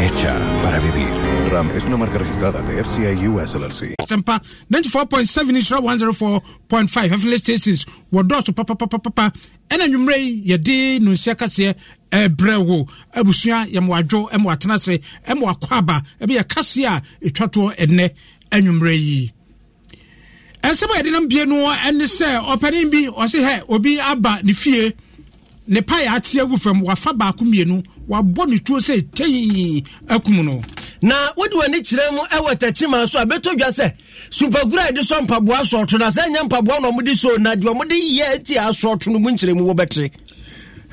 hecha para vivir. Ram es una marca registrada de FCI US LLC. Sempa 94.7 Isra 104.5 Affiliate Stations wɔdɔɔso papapapapa ɛna nwummerɛ yi yɛde nonsia kaseɛ ɛbrɛ wo abusua yɛma wadwo ɛma watena ase ɛma wakɔ aba ɛbi yɛ kaseɛ a ɛtwa toɔ ɛnnɛ anwummerɛ yi ɛnsɛm a yɛde nam bie no ɛne sɛ ɔpanin bi ɔse hɛ obi aba ne fie ne payɛ ate agu fam wafa baako mmienu wabɔ ne tuo sɛ tei akum no na wode w'ani kyerɛ mu ɛwɔ takyima so a bɛtɔ dwa sɛ supagura a yɛde sɔ mpaboa asɔɔto na sɛ nyɛ mpaboa na ɔmode so na deɛ ɔmode yɛ ati asɔɔto no mu nkyerɛ mu wɔbɛtere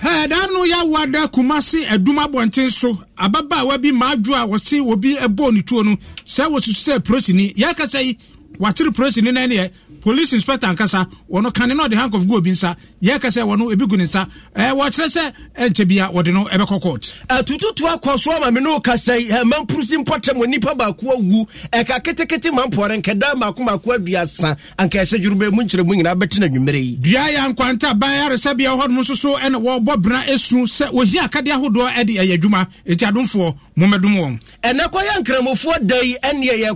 ɛda no yɛawoa da kumase adum abɔnten so ababaawa bi maadwo a wɔse wɔbi ɛbɔɔ ne tuo no sɛ wɔsusu sɛ prosini yɛka sɛ yi watere prosini no ɛneɛ police inspector ankasa wɔn kane na ɔde hand of goal bi nsa yɛ kɛsɛ wɔn ebi gu ne nsa ɛɛ wɔkyerɛ sɛ ɛnkyɛ bia wɔde no ɛbɛkɔ court. atututu akɔ so ama mi n'o kasa yi ɛmɛ eh, mpurusi mpɔtɛ mu nipa baako awu ɛka ketekete ma mpɔre nkɛda mako mako aduasa anka ɛhyɛ dwurubɛ mu nkyerɛ mu nyinaa bɛtena nwumere yi. dua yɛ nkwanta ban ayaresabea hɔ nom soso ɛna wɔbɔ bena esu sɛ ohi akadeɛ ahodoɔ ɛde ɛyɛ adwuma eti adomfoɔ mɔmɛdum wɔn. ɛnɛ kɔ nkramofoɔ da yi ɛne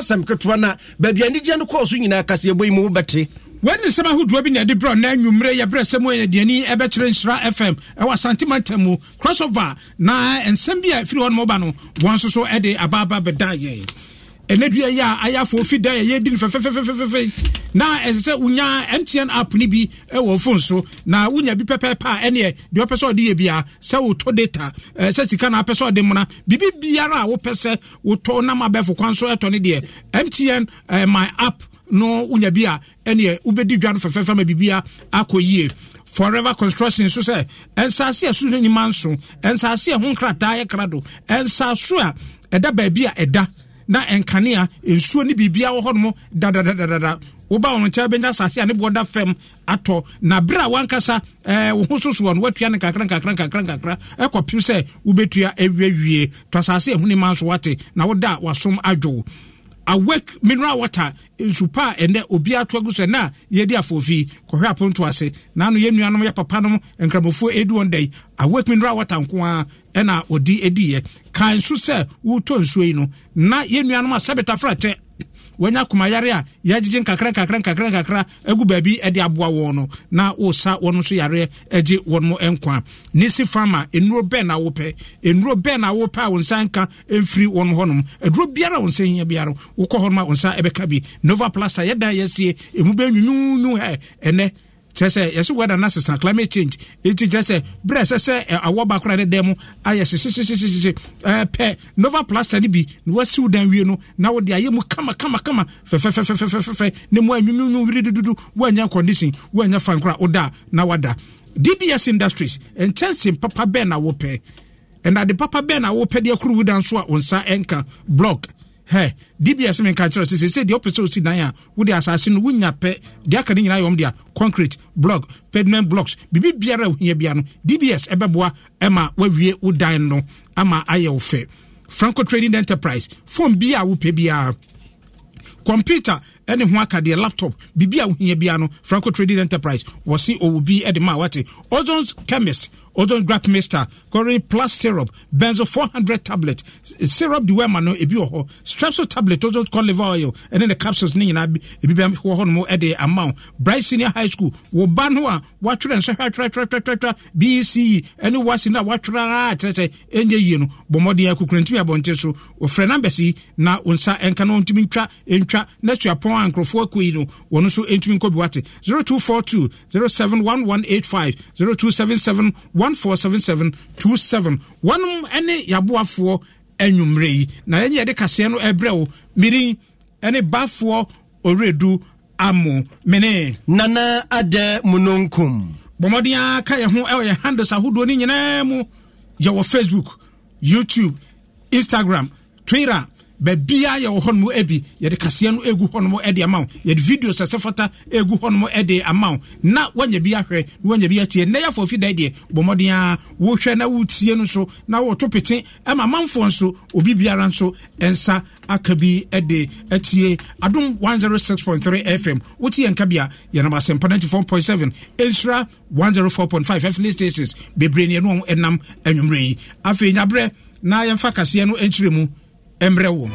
asɛm ketewa no baabi anigye no kɔɔ so nyinaa kaseɛbɔ yi mu wobɛte wɔne nsɛm ahodoɔ bi na ɛde berɛ na nnwummerɛ yɛberɛ sɛ mu ɛnaduani ɛbɛkyerɛ nsra fm ɛwɔ asantemanta mu crossover na nsɛm bi a ɛfiri hɔ no mɔba no wɔn nso so ɛde abaaba bɛda yɛn ɛnɛ dua yɛ a ayafoɔ fi da yɛyɛ di no fɛfɛfɛfɛfɛ na ɛsɛ sɛ wonya mtn app no bi wɔ phone so na wonya bi pɛpɛɛpɛ a ɛneɛ deɛ wopɛ sɛ ɔde yɛ bia sɛ wotɔ data sɛ sika no apɛ sɛ ɔde mmona biribi biara a wopɛ sɛ wotɔ nam abɛfo kwan so ɛtɔ no deɛ mtn uh, my app no wonya bi a ɛneɛ wobɛdi dwa no fɛfɛfɛ ma biribia akɔ yie forever construction nso sɛ nsaase a suru no nso nsaase a ho nkrataa yɛ krado nsaaso a ɛda baabi a ɛda na nkanea nsuo ne biribia wɔ hɔnom dadadadadada woba wɔn nkyɛn bɛnya asase a ne boɔ da fam atɔ na bere a wankasa ɛɛ eh, wo ho soso no watua ne kakra nkakra nkakra nkakra ɛkɔpem sɛ wobɛtua awie to asase ehunima nso wate na woda wasom adwo. Awek mineral water nsupa a ɛnɛ obi ato agu so ɛnɛ a yɛdi afoofi kɔhwɛ aponto ase naanu yɛn nuanom yɛ papa nom nkramofoɔ edu wɔn dɛ awek mineral water nko ara ɛna ɔdi edi yɛ kan so sɛ wotɔ nsuo yi no na yɛn nuanom a sɛbita fratɛ. wanya akomayare a yɛagyegye nkakra nkakra nkakra nkakra egu baabi ɛde aboa wɔn no na wosa wɔn nso yare agye wɔn nkwa nisi fama nnuro bɛn na wopɛ nnuro bɛn na wopɛ a wɔn nsa nka nfiri wɔn hɔnom aduro biara a wɔn nsa hia biara wokɔ hɔnom a wɔn nsa ɛbɛka bi nova plaster yɛda yɛsie emu bɛ nyunyunyu hɛ ɛnɛ kyerɛ sɛ yɛsɛ wɛda no asesa climate change ɛti kyerɛ sɛ berɛ ɛsɛ sɛ awɔ ba kora ne dɛn mu ayɛ hyehyehyehyehye pɛ nova plaster no bi na wasiw dan wie no na wode ayɛ mu kamakamakama fɛfɛfɛfɛfɛfɛ ne mu anwumnwum wiridududu woanyɛ condition woanyɛ fan kora woda na wada dbs industries nkyɛnse papa bɛn na wopɛ ɛnade papa bɛn na wopɛ deɛ koro wodan so a wo nsa ɛnka block hɛ dbs mi nka kyerɛ sese sɛ deɛ ɔpɛ sɛ osi dan a wode asase no wonya pɛ deɛ aka no nyinaa yɛ ɔm dea concrete block pavement blocks biribi biara a wohia bia no dbs ɛbɛboa ɛma wawie wo dan no ama ayɛ wo fɛ franco trading enterprise phone bi a wopɛ biara computer ɛne ho akadeɛ laptop biribi a wohia bia no franco trading enterprise wɔse ɔwɔ bi de ma wate ozons chemist ozone grap mister chlorine plus syrup benzo 400 tablet syrup di wɛma no ebi wɔ strepsil tablet ozone cod liver oil ɛne ne capsules ne nyinaa ebi bɛ wɔ hɔ mo ɛde ama wo bright senior high school wo ba no a watwerɛ nsɛ hwɛtwerɛtwerɛtwerɛtwerɛ bce ɛne wasi no a watwerɛ a kyerɛ sɛ ɛnyɛ yie no bɔmmɔden akukura ntumi abɔnten so wɔfrɛ numbers yi na wo nsa no ntumi ntwa ntwa na suapɔn a nkurɔfoɔ akɔ yi no wɔno nso ntumi nkɔ bi wate 0242 071185 0277 1477 27 wɔnom ne yɛaboafoɔ anwummerɛ yi na yɛnyɛ yɛde kaseɛ no ɛbrɛ wo mirin ne bafoɔ ɔweredu amo mene nana adɛ munonkum bɔmmɔden a ka yɛ ho ɛwɔ yɛ handles ahodoɔ no nyinaa mu yɛwɔ facebook youtube instagram twitter baabia yɛwɔ hɔnom abi yɛde kaseɛ no ɛgu hɔnom ɛde ama wo yɛde video sɛ fata ɛgu hɔnom ɛde ama wo na woanya bi ahwɛ na woanya bi atie nnɛ yɛafo fi dae deɛ bɔ mmɔden a wohwɛ na wotie no so na wɔto pete ɛma amanfoɔ nso obi biara nso ɛnsa aka bi ɛde atie adom 106.3 fm wotie yɛnka bia yɛnam asɛmpa 94.7 ɛnsura 104.5 fli stations bebree neɛ no ɔm ɛnam anwummerɛ yi afei nyaberɛ na yɛmfa kaseɛ no nkyerɛ mu Embreu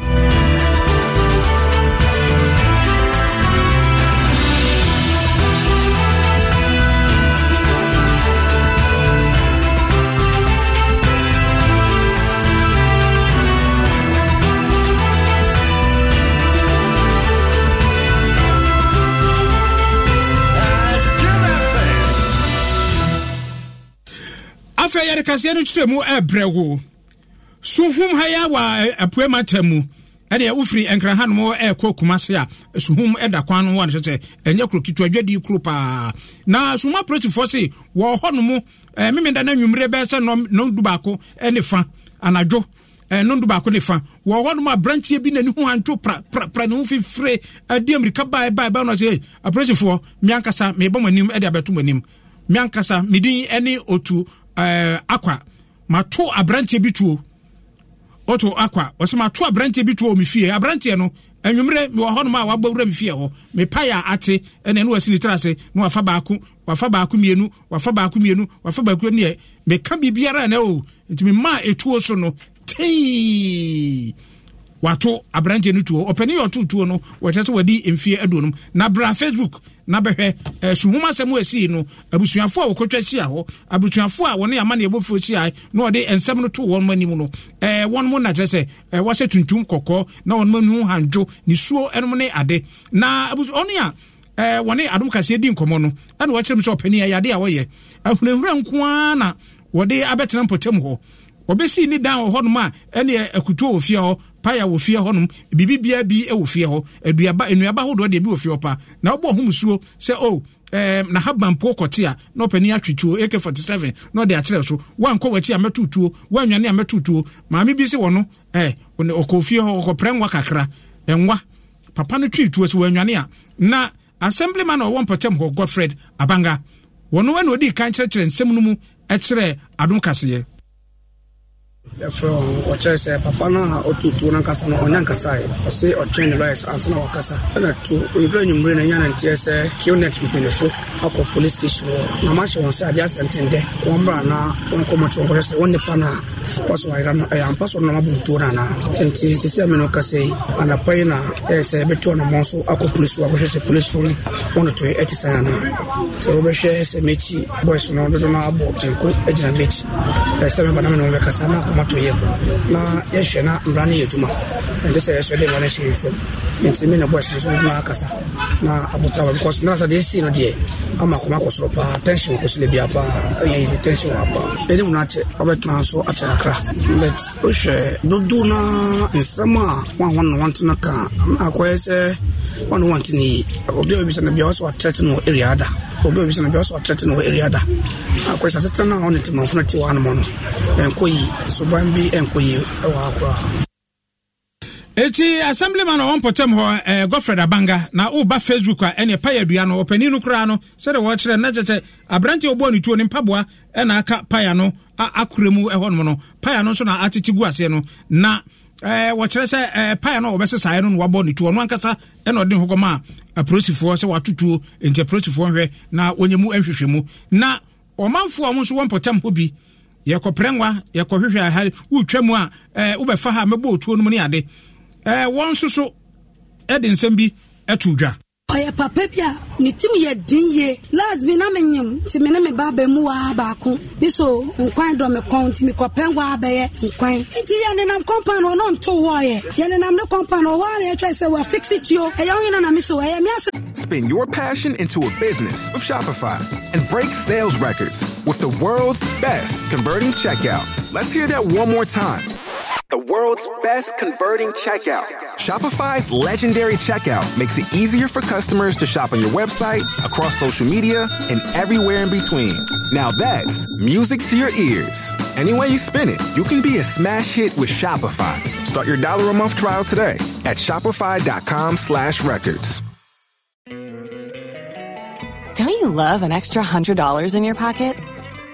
afei yɛde no kyerɛ mu ɛbrɛ wo suhum ha yi awa apue eh, eh, mata mu ɛdeɛ eh, wofiri nkra hanom ɛɛkɔ kuma a suhum ɛda kwan no ho a no sɛ sɛ ɛnyɛ kuro ketewa dwadi kuro paa na suhum apolisifoɔ se wɔ hɔ no mu ɛɛ memeda no anwummerɛ bɛɛ sɛ nɔndu baako ne fa anadwo ɛno do baako ne fa wɔ hɔ nom aberanteɛ bi n'ani ho anto prapra ne ho fifire ade amirika bae bae bae no sɛ apolisifoɔ meankasa mebɔ mo anim de abɛto mo anim meankasa medin ne otu ɛɛ akwa mato aberanteɛ bi tuo wɔto akwa wɔsɛ mato aberanteɛ bi toɔ me fie aberanteɛ no anwummerɛ mewɔ hɔ nom a wabɔ wura me fie hɔ mepae a ate ɛne ɛne wasi ne tra ase na wafa baako wafa baako mmienu wafa baako mmienu wafa baako neɛ meka biribiara ɛnɛ o nti memaa ɛtuo so no tei wato abranteɛ no tuo ɔpani yɛ ɔto no wɔhyɛ sɛ wadi mfeɛ aduonum na bra facebook na bɛhwɛ eh, suhoma asɛm a asii no abusuafoɔ a wɔkɔtwa hyia hɔ abusuafo a wɔne ama neɛbɔfoɔ hyia na ɔde nsɛm no too wɔnom anim no ɛɛ eh, wɔnom na kyerɛ sɛ ɛɛ eh, wɔahyɛ tuntum kɔkɔɔ na wɔnom anu handwo nisuo ɛnum ne ade na ɔne a ɛɛ eh, wɔne adom kaseɛ di nkɔmmɔ no ɛna wɔkyerɛ wɔbɛsi ne dan wɔ hɔnom a ɛne akutuo wɔ fie hɔ paya wɔ fie hɔnom biribibiaa bi wɔ fie hɔ aduaba nnuaba ahodoɔ deɛ bi wɔ fie hɔ pa na wobɔ ho musuo sɛ o oh, um, na habampo kɔte a na ɔpani atwetuo ak47 na ɔde akyerɛ so woankɔ wakyi a mɛtotuo woanwane a mɛtotuo maame bi se wɔ no eh, ɔkɔ fie hɔ ɔkɔprɛ nwa kakra ɛnwa papa no twe tuo sɛ woanwane a na assemblyman a ɔwɔ mpɔtam hɔ godfred abanga wɔno ɛna ɔdii ka nkyerɛkyerɛ nsɛm no mu ɛkyerɛ yɛfrɛ ho ɔkyerɛ sɛ papa no a ɔtotuo no ankasa no ɔnyɛ ankasaeɛ eh. ɔse ɔtwɛn ne lawyers ansa na wakasa ɛna to ɔyɛdura anwummere no nanteɛ sɛ mpanifo akɔ police na mahyɛ wɔn sɛ adeɛ wɔmmra na wɔnkɔmmɔte wɔnkɔhwɛ sɛ no a wɔ so wayera no ɛyɛ ampa so no na mabɔ no anaa enti sɛ sɛ me no kasa yi anapa yi na ɛyɛ eh, sɛ yɛbɛtu ɔnamɔ so akɔ police akɔhwɛ sɛ eh, no ɛte anaa wobɛhwɛ sɛ mɛkyi boys no dodo no abɔ agyina mɛkyi me moto yɛ na yɛhwɛ na mmara no yɛ adwuma ɛnte sɛ yɛsɛ de mmara no hyɛ nsɛm nti me ne boys no so wobɛtumi akasa na abotra wa because na sɛ deɛ ɛsii no deɛ ama akoma kɔ soro paa tension kɔ so da paa ɛyɛ yɛsɛ tension wɔ paa ɛne mu no akyɛ so akyɛ akra but wohwɛ dodo na nsɛm a wanhɔ no wantena ka na akɔyɛ sɛ ɔno wɔnte ne yi obi a obisa no bia no ada obi a obisa na bia ɔsɛ no area ada akɔsa setena no na ɔne temanfo no te wɔ no ɛnkɔ yi bi yi ɛwɔ akora a abanga na woba facebook a ɛne paya adua no ɔpani no koraa no sɛde wɔkyerɛ na kyɛ sɛ aberante ne tuo ne mpaboa ɛna aka paya no akora mu no paya no nso na atete gu aseɛ no na Eh, wɔkyerɛ sɛ eh, pae no wɔbɛsesaeɛ no no wabɔ ne tuo ɔno ankasa ɛna ɔde ho kɔma a apolisifoɔ sɛ watotuo nti apolisifoɔ hwɛ na ɔnyɛ mu nhwehwɛ mu na ɔmanfoɔ ɔmo nso wɔmpɔtam hɔ bi yɛkɔprɛ nwa yɛkɔhwehwɛ ha wotwa mu a eh, wobɛfa ha mɛbɔ otuo no mu ne ade wɔn nso so ɛde nsɛm bi ɛto dwa ɔyɛ papa bi a ne tim yɛ din yie las bi na menyim nti me ne me ba bɛmu waa baako bi so nkwan dɔ me kɔn nti mekɔpɛ waa bɛyɛ nkwan nti yɛ nenam ɔno nto wɔɔyɛ yɛ ne compound ɔwɔ ne ɛtwɛ sɛ wɔafixe tuo ɛyɛ wo nyina na me so ɛyɛ me ase Spin your passion into a business with Shopify and break sales records with the world's best converting checkout. Let's hear that one more time. The world's best converting checkout. Shopify's legendary checkout makes it easier for customers to shop on your website, across social media, and everywhere in between. Now that's music to your ears. Any way you spin it, you can be a smash hit with Shopify. Start your dollar a month trial today at shopify.com slash records. Don't you love an extra $100 in your pocket?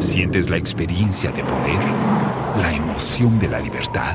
Sientes la experiencia de poder, la emoción de la libertad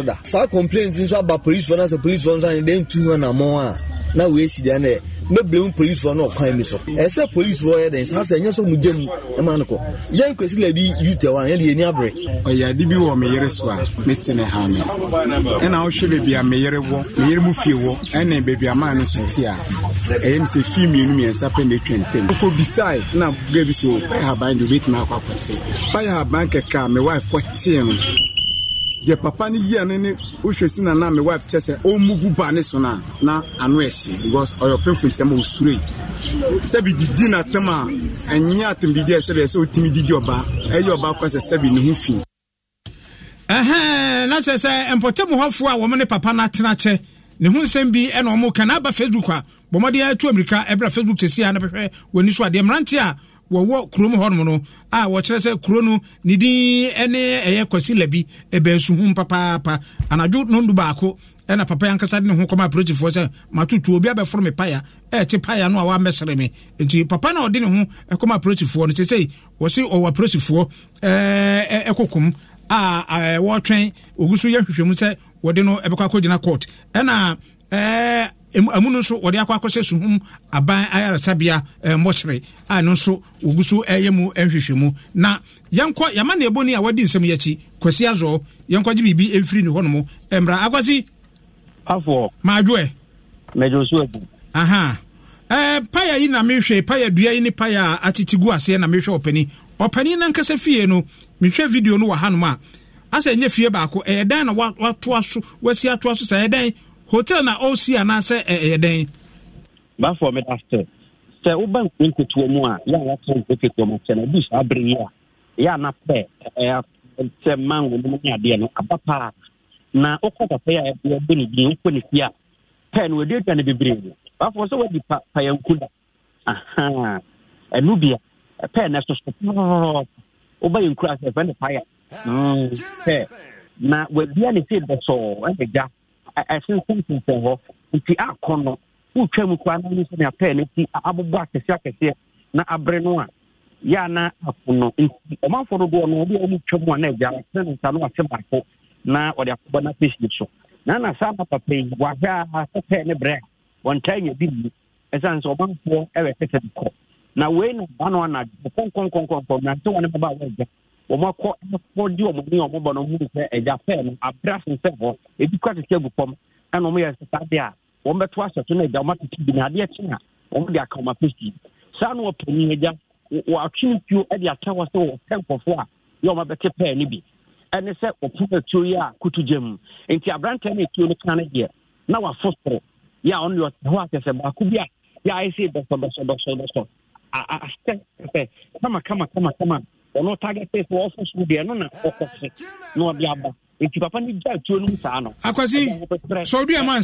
nso da saa complaints nso aba polisifoɔ no sɛ polisifoɔ nso ane dɛn tu ho anammɔn a na woasi deɛ ne mɛbrɛ mu polisifoɔ no ɔkwan mi so ɛɛ sɛ polisifoɔ yɛ den saa sɛ ɛnyɛ sɛ mu gya mu ɛma no kɔ yɛn kwasi la bi yuta wa yɛde yɛni abere. ɔyɛ ade bi wɔ me so a me te ne ha me ɛna ɔhwɛ beebi a me yere wɔ me yere mu fie wɔ ɛna beebi a maa no so te a ɛyɛ mi sɛ fii mmienu mmiɛnsa pɛ na etwa ntɛm koko bisae ɛna gɛ bi so pɛ haban de obetumi akɔ akɔte pɛ haban kɛkɛ a me wife kɔ tee no deɛ papa no yia no ne wohwɛ si na na me wife kyɛ sɛ ɔmmuvu ba ne so no a na ano ɛhye because ɔyɛ ɔpemfo ntɛm a ɔsurei sɛbi didi n'atam a ɛnyɛ atum didi a sɛbi ɛsɛ ɔtumi didi ɔbaa ɛyɛ ɔbaa kɔ sɛ sɛbi ne ho fi na kyerɛ sɛ mpɔtam hɔfoɔ a wɔm ne papa no atena kyɛ ne ho nsɛm bi ɛna ɔmo ka na facebook a bɔmmɔden atu amirika ɛbrɛ facebook tɛsi a na bɛhwɛ w'ani so adeɛ mmerante a wɔwɔ kurom hɔnom no a wɔkyerɛ sɛ kuro no ne din ne ɛyɛ kwasi labi ɛbɛnsu papaapa anadwo nondu baako ɛna papa yi ankasa de ne ho kɔma apolisifoɔ sɛ matutu obi abɛforo me paya ɛɛte paya no a wamɛsere me nti papa na ɔde ne ho ɛkɔma apolisifoɔ no sesei wɔse ɔwɔ apolisifoɔ ɛɛ ɛkokom a ɛɛ wɔtwɛn ogu so yɛ hwehwɛmu sɛ wɔde no ɛbɛkɔ akɔgyina court ɛna ɛɛ ɛmu no nso wɔde akɔ akɔhyɛ suhum aban ayaresabea mmɔkyere eh, a no nso wɔgu so ɛyɛ eh, mu nhwehwɛ eh, mu na yɛnkɔ yɛma ne ɛbɔni a wɔde nsɛm yɛakyi kwasi azɔɔ yɛnkɔ gye biribi ɛmfiri ne hɔnom mmra akwasi afoɔ maadwoɛ mɛdwo so abu aha ɛɛ paya yi na mehwɛ paya dua yi ne paya a atete gu aseɛ na mehwɛ ɔpani ɔpani nankasa fie no mehwɛ video no wɔ hanom a asɛ ɛnyɛ fie baako ɛyɛ dan na watoa so wasi atoa so saa ɛyɛ hotel na ɔsi anaasɛ ɛyɛ dɛn. baafo mi da sɛ sɛ woba nkuri nketewa mu a yɛ a yɛaka nkuri nketewa mu kyɛ na ebi saa abiri yi a yɛ ana pɛ ɛɛ sɛ mango ne ne adeɛ no aba paa na wokɔ papa yi a yɛbɔ ne din wokɔ ne fie a pɛ no wɔde adwa no bebree baafo sɛ wɔadi pa payanku da aha ɛnu bia pɛ na soso pɔɔɔ woba yɛ nkura sɛ fɛn de paya pɛ mm, na wɔadua ne fie dɔsɔɔ ɛna gya. ɛsensensensen hɔ nti akɔ no wotwa mu no sɛnea pɛɛ no ti abobɔ akɛseɛ akɛseɛ na abere no a yɛa na ako no nti ɔmanfoɔ dodoɔ no ɔmu twa mu a na agya tene nsa no baako na ɔde na no apɛsie so na na saa na papa yi wahwɛ a sɛ pɛɛ ne a wɔntaa nya bi nni sɛ ɔmanfoɔ ɛwɛ kɔ na wei na ba no na kɔnkɔnkɔnkɔnkɔ nante wɔne bɛba a wɔn akɔ ɛfɔ di wɔn ni wɔn bɔ no mu sɛ ɛgya fɛn no abira sensɛ hɔ ebi kura tete egu fam ɛna wɔn yɛ sisa adeɛ a wɔn bɛto ahyɛ so na ɛgya wɔn atete bi na adeɛ kyen a wɔn de aka wɔn apɛsi saa na wɔpɛ ni ɛgya wɔatwe nsuo ɛde ata hɔ sɛ wɔpɛ nkɔfo a yɛ wɔn abɛte pɛɛ no bi ɛne sɛ wɔpo atuo yi a kutu gya mu nti aberanteɛ no atuo no kan no deɛ na wafo soro yɛ a ɔno yɛ hɔ akɛsɛ baako bi a yɛ ayɛ sɛ bɛsɔbɛsɔbɛsɔ asɛ ɔno target sɛ sɛ ɔfo soro deɛ no na ɔkɔ se na ɔde aba nti papa no gya atuo no mu saa no akwasi sɛ ɔdua ma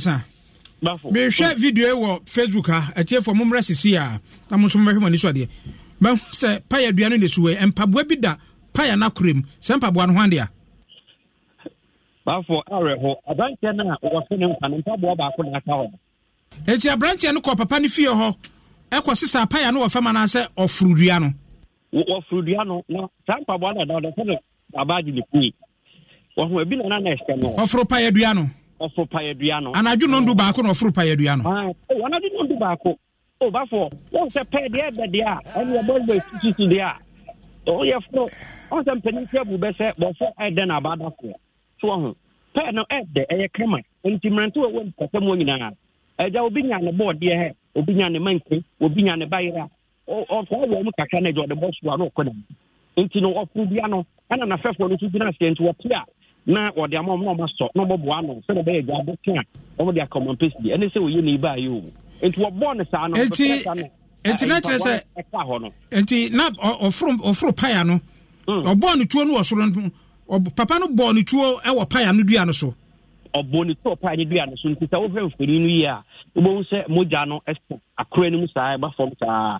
mehwɛ video wɔ facebook ha atiefoɔ mommerɛ sisi a na mo nso mobɛhwɛ mani so adeɛ sɛ paya dua no ne suwei mpaboa bi da paya no akorɛ mu sɛ mpaboa no ho a bafo awerɛho aberanteɛ no a ne nkwa no mpaboa baako na aka hɔ aberanteɛ no kɔ papa no fie hɔ ɛkɔ paya no wɔ fam anaasɛ dua no wɔfurudua no na saa mpaboa no ɛdawda abaagye ne wɔho na na na ɛhyɛ no ɔforo payɛdua no ɔforo payɛdua no anadwo baako na ɔforo no ah, anadwo baako wɔn sɛ pɛɛ deɛ ɛbɛ deɛ a ɛne ɛbɛbɛ deɛ a foro wɔn sɛ ɛdɛ na abaadafoɔ so wɔho pɛɛ no ɛdɛ ɛyɛ kama nti mmerante wɔn nyinaa obi nya ne bɔɔdeɛ hɛ obi nya ne ɔkɔɔ wɔn mu kakra na ɛdi ɔde bɔ soa na ɔkɔ nam nti no ɔfo bia no ɛna n'afɛfoɔ no na gyina aseɛ nti a na ɔde ama ɔmo ɔmo asɔ na ɔmo boa ano sɛdeɛ bɛyɛ gya abɛka a ɔmo de aka ɔmo mpesi ɛne sɛ oyɛ ne ibaa yi o nti wɔbɔ ne saa no ɔbɛka nti na kyerɛ sɛ nti na ɔforo ɔforo paya no ɔbɔɔ ne tuo no soro papa no bɔɔ ne tuo ɛwɔ paya no dua no so ɔbɔ ne tuo paya no dua no so nti sɛ wohwɛ mfoni no yie a wobɛhu sɛ mogya no ɛsɛ akora no mu saa ɛba fam saa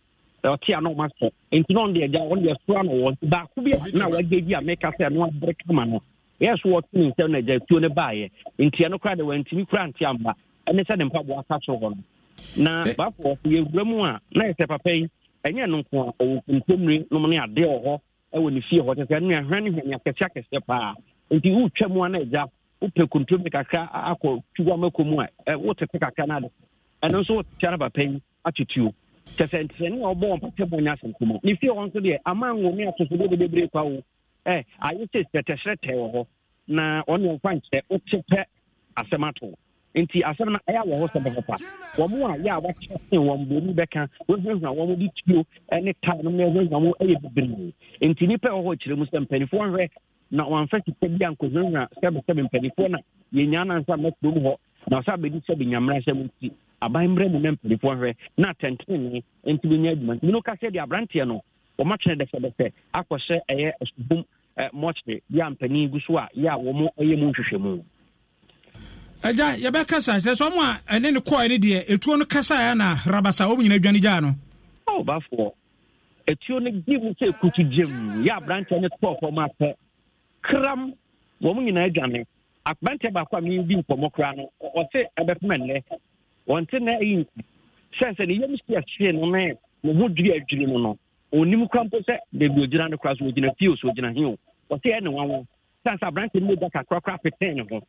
ɔte a na ɔma nti na ɔnde agya ɔnde asura no wɔ baako bi na wagye bi a mɛka sɛ ɛno abere kama no ɛyɛ so wɔte ne nsɛm na agya tuo ne baeɛ ntiɛ no koraa de wantumi kora nte amba ɛne sɛ ne mpaboa asa so hɔ no na baafo yɛwura mu a na yɛ sɛ papa yi ɛnyɛ no nko a ɔwɔ nkomire nom ne ade wɔ hɔ ɛwɔ ne fie hɔ kyɛ sɛ ɛno ɛhwɛ ne hwɛ akɛseɛ akɛseɛ paa nti wotwa mu a na agya wopɛ kontomire kakra akɔ twiwa mako mu a wotete kakra no ade ɛno nso wotete ara papa yi atutuo kyɛ sɛ nkyerɛni a ɔbɔ wɔn pata bɔ nyɛ asɛnkuma ne fie hɔ nso deɛ ama nwomi atoso bebe bebree kwa wo ɛ ayɛ sɛ sɛtɛsɛtɛ wɔ hɔ na ɔne ɔfa nkyerɛ wote pɛ asɛm ato nti asɛm no ɛyɛ wɔ hɔ sɛ bɛpapa wɔn a yɛ a wɔakyɛse wɔn bɔmu bɛka wɔhwehwɛ wɔn de tuo ne taa no e na ɛhwehwɛ wɔn ɛyɛ bebree nti nipa ɛwɔ hɔ kyerɛ mu sɛ mpanimfoɔ nhwɛ na wɔn afɛ sika bi na yɛnya nansa mɛturo mu na ɔsɛ abɛdi sɛ de nyamera sɛ mu nti aban mmerɛ mu na mpanimfoɔ hwɛ na atɛntenene nti bɛnya adwuma nti mino ka sɛ deɛ aberanteɛ no wɔmatwene dɛsɛdɛsɛ ɛyɛ mɔkyere so a yɛ a wɔn mu nhwehwɛmu agya yɛbɛka sɛ ɔmo a ɛne ne ne deɛ etuo no na rabasa gyaa no oh, etuo no gye akpante baako a mi di nkɔmɔ kura no ɔte ɛbɛpema nnɛ ɔnte na eyi sɛ sɛ ne yam si ahyia no ne ne ho duri adwiri no no onim kura mpo sɛ beebi ogyina no kura so ogyina fie o so ogyina he o ɔte ɛne wanwo sɛ sɛ aberante no mu da kakorakora petee ne ho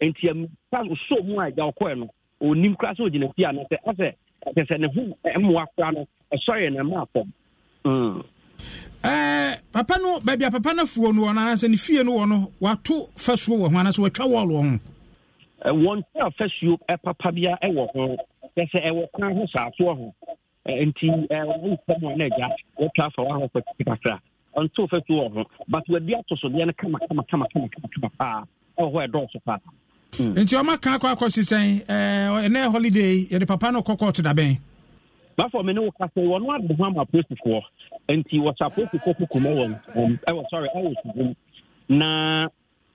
nti ɛm sa so mu a ɛgya ɔkɔɛ no onim kura so ogyina fie ano sɛ ɔsɛ ɛsɛ ne ho mmoa kura no ɛsɔre na ɛma afɔm. ɛɛ papa no baabi a papa no afuo no wɔ no anaasɛ ne fie no wɔ no wato fasuo wɔ ho anaasɛ watwa wɔɔlo wɔ ho wɔn ti a fasuo papa ɛwɔ kwan ho saasoɔ ho nti wɔn wɔtwa afa ho but wɔadi no kama kama kama kama kama paa ɛwɔ hɔ ɛdɔɔso paa. Hmm. nti ɔma kan to dabɛn. bafɔ mi ni nti wɔsapo kokɔ kokoma wɔ nsɛm ɛwɔ sɔre ɛwɔ sukum na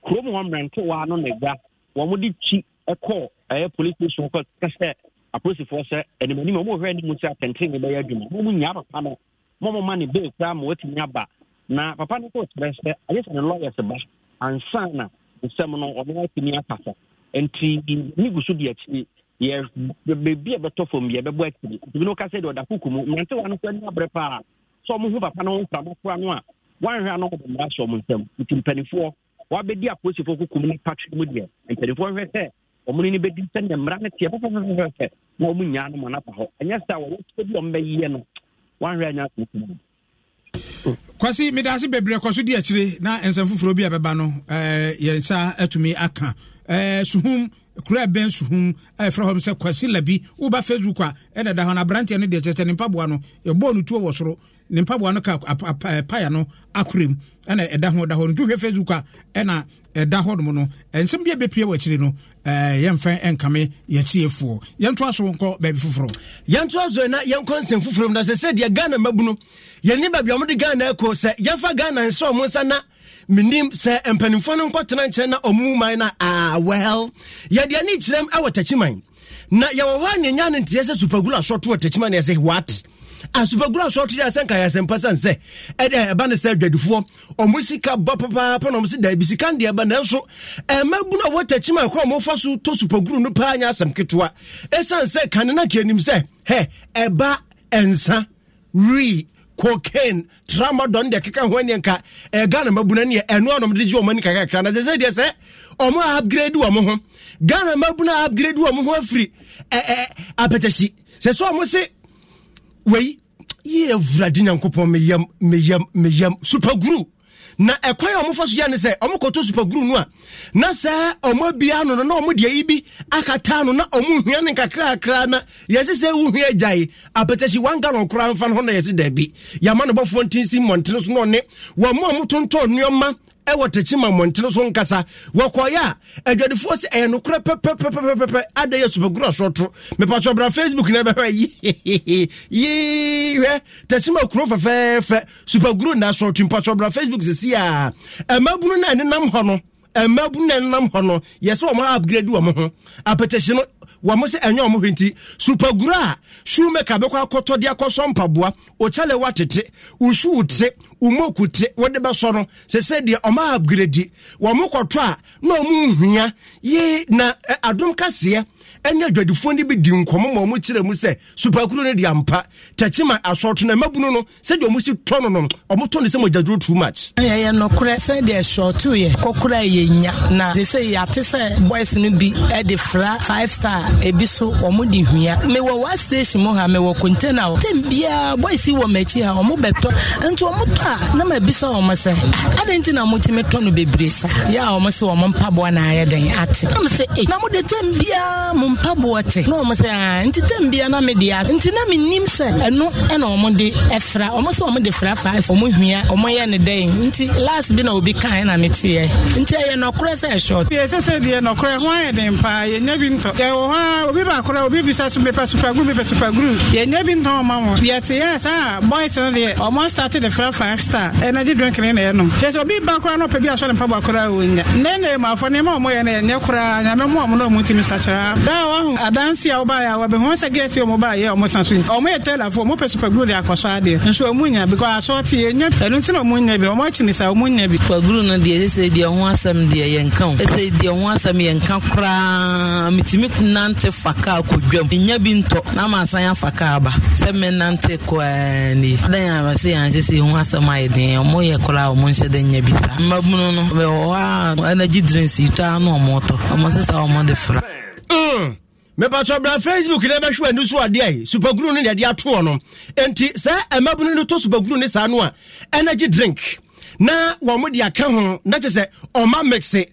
kurom hɔ mmerantewa no na gya wɔn de kyi kɔ ɛyɛ police station kɔ kɛsɛ apolisifoɔ sɛ anim anim a wɔhwɛ anim sɛ atɛntɛn ne bɛyɛ adwuma wɔn nyaa papa no wɔn ma ne bɛyɛ kura ma wɔatumi aba na papa no kɔ kyerɛ sɛ ayɛ sɛ ne lawyers ba ansa na nsɛm no ɔno atumi akasa nti ne gu so di akyire yɛ beebi a bɛtɔ fam yɛ bɛbɔ akyire ebi no kasa deɛ ɔda kuku mu mmerantewa no kɔ ani abrɛ paa sɛ ɔmo ho papa no nkramofoa no a wanhwɛ ano ɔde mmara hyɛ ɔmo nsɛm nti mpanimfoɔ wabɛdi apolisifoɔ kokum ne patwe mu deɛ mpanimfoɔ hwɛ sɛ ɔmo ne ne bɛdi sɛnea mmara no teɛ fɛfɛfɛfɛfɛ na ɔmo nyaa no ma no aba hɔ ɛnyɛ sɛ a wɔwɔ sɛ bi ɔmbɛyɛ no wanhwɛ anya akokum kwasi mede ase bebree kɔ so di akyire na nsɛm foforɔ bi a bɛba no eh, yɛn atumi aka eh, suhum kura bɛn suhum a eh, yɛfrɛ hɔ sɛ kwasi labi woba facebook a ɛdada hɔ no aberanteɛ no deɛ kyerɛ sɛ ne mpaboa no yɛbɔɔ no tuo wɔ soro ne mpaboa no ka eh, paya no akorɛ mu ɛna ɛda ho da hɔ no dwohwɛ facebook a ɛna ɛda hɔ nom no ɛnsɛm eh, bi a bɛpie wɔ akyiri no eh, yɛmfa ɛnkame yɛkyeefoɔ yɛntoa so nkɔ baabi foforɔ yɛntoa so na yɛnkɔ nsɛm foforɔ mu na sɛ sɛdeɛ ghana mabu yɛni baabi a ɔmode ghana ɛkɔ sɛ yɛmfa ghana nsɛ ɔmo nsa na menim sɛ mpanimfoɔ no nkɔtena nkyɛn na ɔmo man no a ah, well yɛde ani kyerɛm ɛwɔ takyiman na yɛwɔ hɔ a ne nya no nteɛ sɛ supagula asɔto takyiman ne ɛsɛ what asopagura so ɔtɔde asɛ nkaeɛ asɛmpa sɛn sɛ ɛdɛ ɛba ne sɛ adwadifoɔ ɔmo sika ba papaapa na ɔmo sɛ daabi sika ne deɛ ba nanso ɛmabunu a wɔtakyim a ɛkɔ a ɔmofa so tɔ supaguru no paa nyɛ asɛm ketewa ɛsiane sɛ kane no sɛ hɛ ɛba ɛnsa rii cocaine tramadol deɛ keka ho aneɛ nka ɛghana mabuna neɛ ɛno a nomde gye ɔmani kakakra na sɛ sɛ deɛ sɛ ɔmo a upgrade wɔ mo ho ghana mabuna upgrade wɔ mo ho afiri apɛtahyi sɛ sɛ ɔmo se wei yɛ awurade nyankopɔn meyam meyam meyam supaguru na ɛkwan a ɔmofa so yɛ ne sɛ ɔmokɔtɔ supaguru no a na sɛ ɔmo no no na ɔmo deɛ yi bi akataa no na ɔmo hia ne kakrakra na yɛse sɛ wohia agyae apɛtɛhyi wanka no ɔkora mfa no ho na yɛse daabi yɛama no bɔfoɔ ntinsi mmɔntene so na ɔne wɔmo a motontɔɔ nneɔma ɛwɔ tɛkyi ma mmɔntene so nkasa wɔkɔyɛ a adwadifoɔ sɛ ɛyɛ nokorɛ pɛpɛpɛpɛpɛpɛ ada yɛ supagura soɔ to mepatwɔ bra facebook na ɛbɛhwɛ yiihwɛ tɛkyi ma kuro fɛfɛɛfɛ supaguru na soɔ to mpatwɔ bra facebook sɛsi a ɛmabunu na ɛnenam hɔ no ɛmabunu na ɛnenam hɔ no yɛsɛ wɔn upgrade wɔn ho apɛtɛkyi no wɔn sɛ ɛnyɛ wɔn hwɛ nti supaguru a shoemaker bɛkɔ akɔtɔ de akɔsɔ mpaboa okyale wa tete usu te umoku tire wɔde bɛsɔ no sɛsɛ deɛ ɔma upgrade wɔn kɔtɔ a na ɔmo nhia yie na adom kaseɛ ɛne adwadifoɔ no bi di nkɔmmɔ ma ɔmo kyerɛ mu sɛ supakuro no de ampa takyima asɔɔto na mabunu no sɛdeɛ ɔmo si tɔ no no ɔmo tɔ no sɛ mogyaduro too much ɛyɛyɛ nokorɛ sɛdeɛ sɔɔto yɛ kɔkora yɛnya na de sɛ yɛate sɛ boys no bi ɛde fra five star ebi so ɔmo de hua mewɔ wa station mu ha mewɔ container hɔ tem biara boys wɔ m'akyi ha ɔmo bɛtɔ nti ɔmo tɔ a na ma bisa ɔmo sɛ ah, adɛn nti na motumi tɔ no bebree sa yɛ a ɔmo sɛ ɔmo mpaboa na ayɛ den ate na mo sɛ e na mo de tem biara mo mpaboa te na wɔn sɛ aa ah, nti na mi di ase nti na mi nim sɛ ɛno ɛna wɔn de ɛfra wɔn sɛ wɔn de fra fa wɔn hwia wɔn yɛ ne dɛn nti last bi na obi kan na mi ti yɛ nti ɛyɛ nɔkorɛ sɛ ɛhyɛ. yɛ sɛ sɛ deɛ nɔkorɛ ho ayɛ den paa yɛ nya bi ntɔ yɛ wɔ hɔ a obi baako la obi bisa so bepɛ super group bepɛ super group yɛ nya bi ntɔ wɔn mo yɛ te yɛ saa ah, boys no deɛ wɔn start de fra five star energy drink ne na yɛ nom yɛ sɛ obi ba koraa na ɔpɛ bi asɔ ne mpaboa koraa wɔn nya ne na yɛ mafɔ nneɛma wɔn yɛ no yɛ nyɛ koraa nyame mo a na wɔn ti mi sakyera wahu adansi a wɔba yɛ a wɔbɛ wɔn sɛ gɛɛsi wɔn ba yɛ wɔn san so yi wɔn yɛ tɛlafo wɔn pɛ super glue de akɔsɔ adeɛ nso wɔn nya bi kɔ asɔɔti yɛ nya ɛnu ti na wɔn nya bi wɔn akyi ni sa wɔn nya bi. super no deɛ ɛsɛ deɛ ho asɛm deɛ yɛn kan o ɛsɛ deɛ ho asɛm yɛn kan koraa mitimi nante fa kaa kɔ dwam nya bi ntɔ na ma asan afa kaa ba sɛ nante kɔɛ Mm. mepatɔ bra facebook ne bɛhwɛ ani so adeɛ supaguru no deɛde atoɔ no enti sɛ ɛmabunu no to supaguru ne saa no a energy drink na wɔn de aka ho na kyɛ sɛ ɔma mixe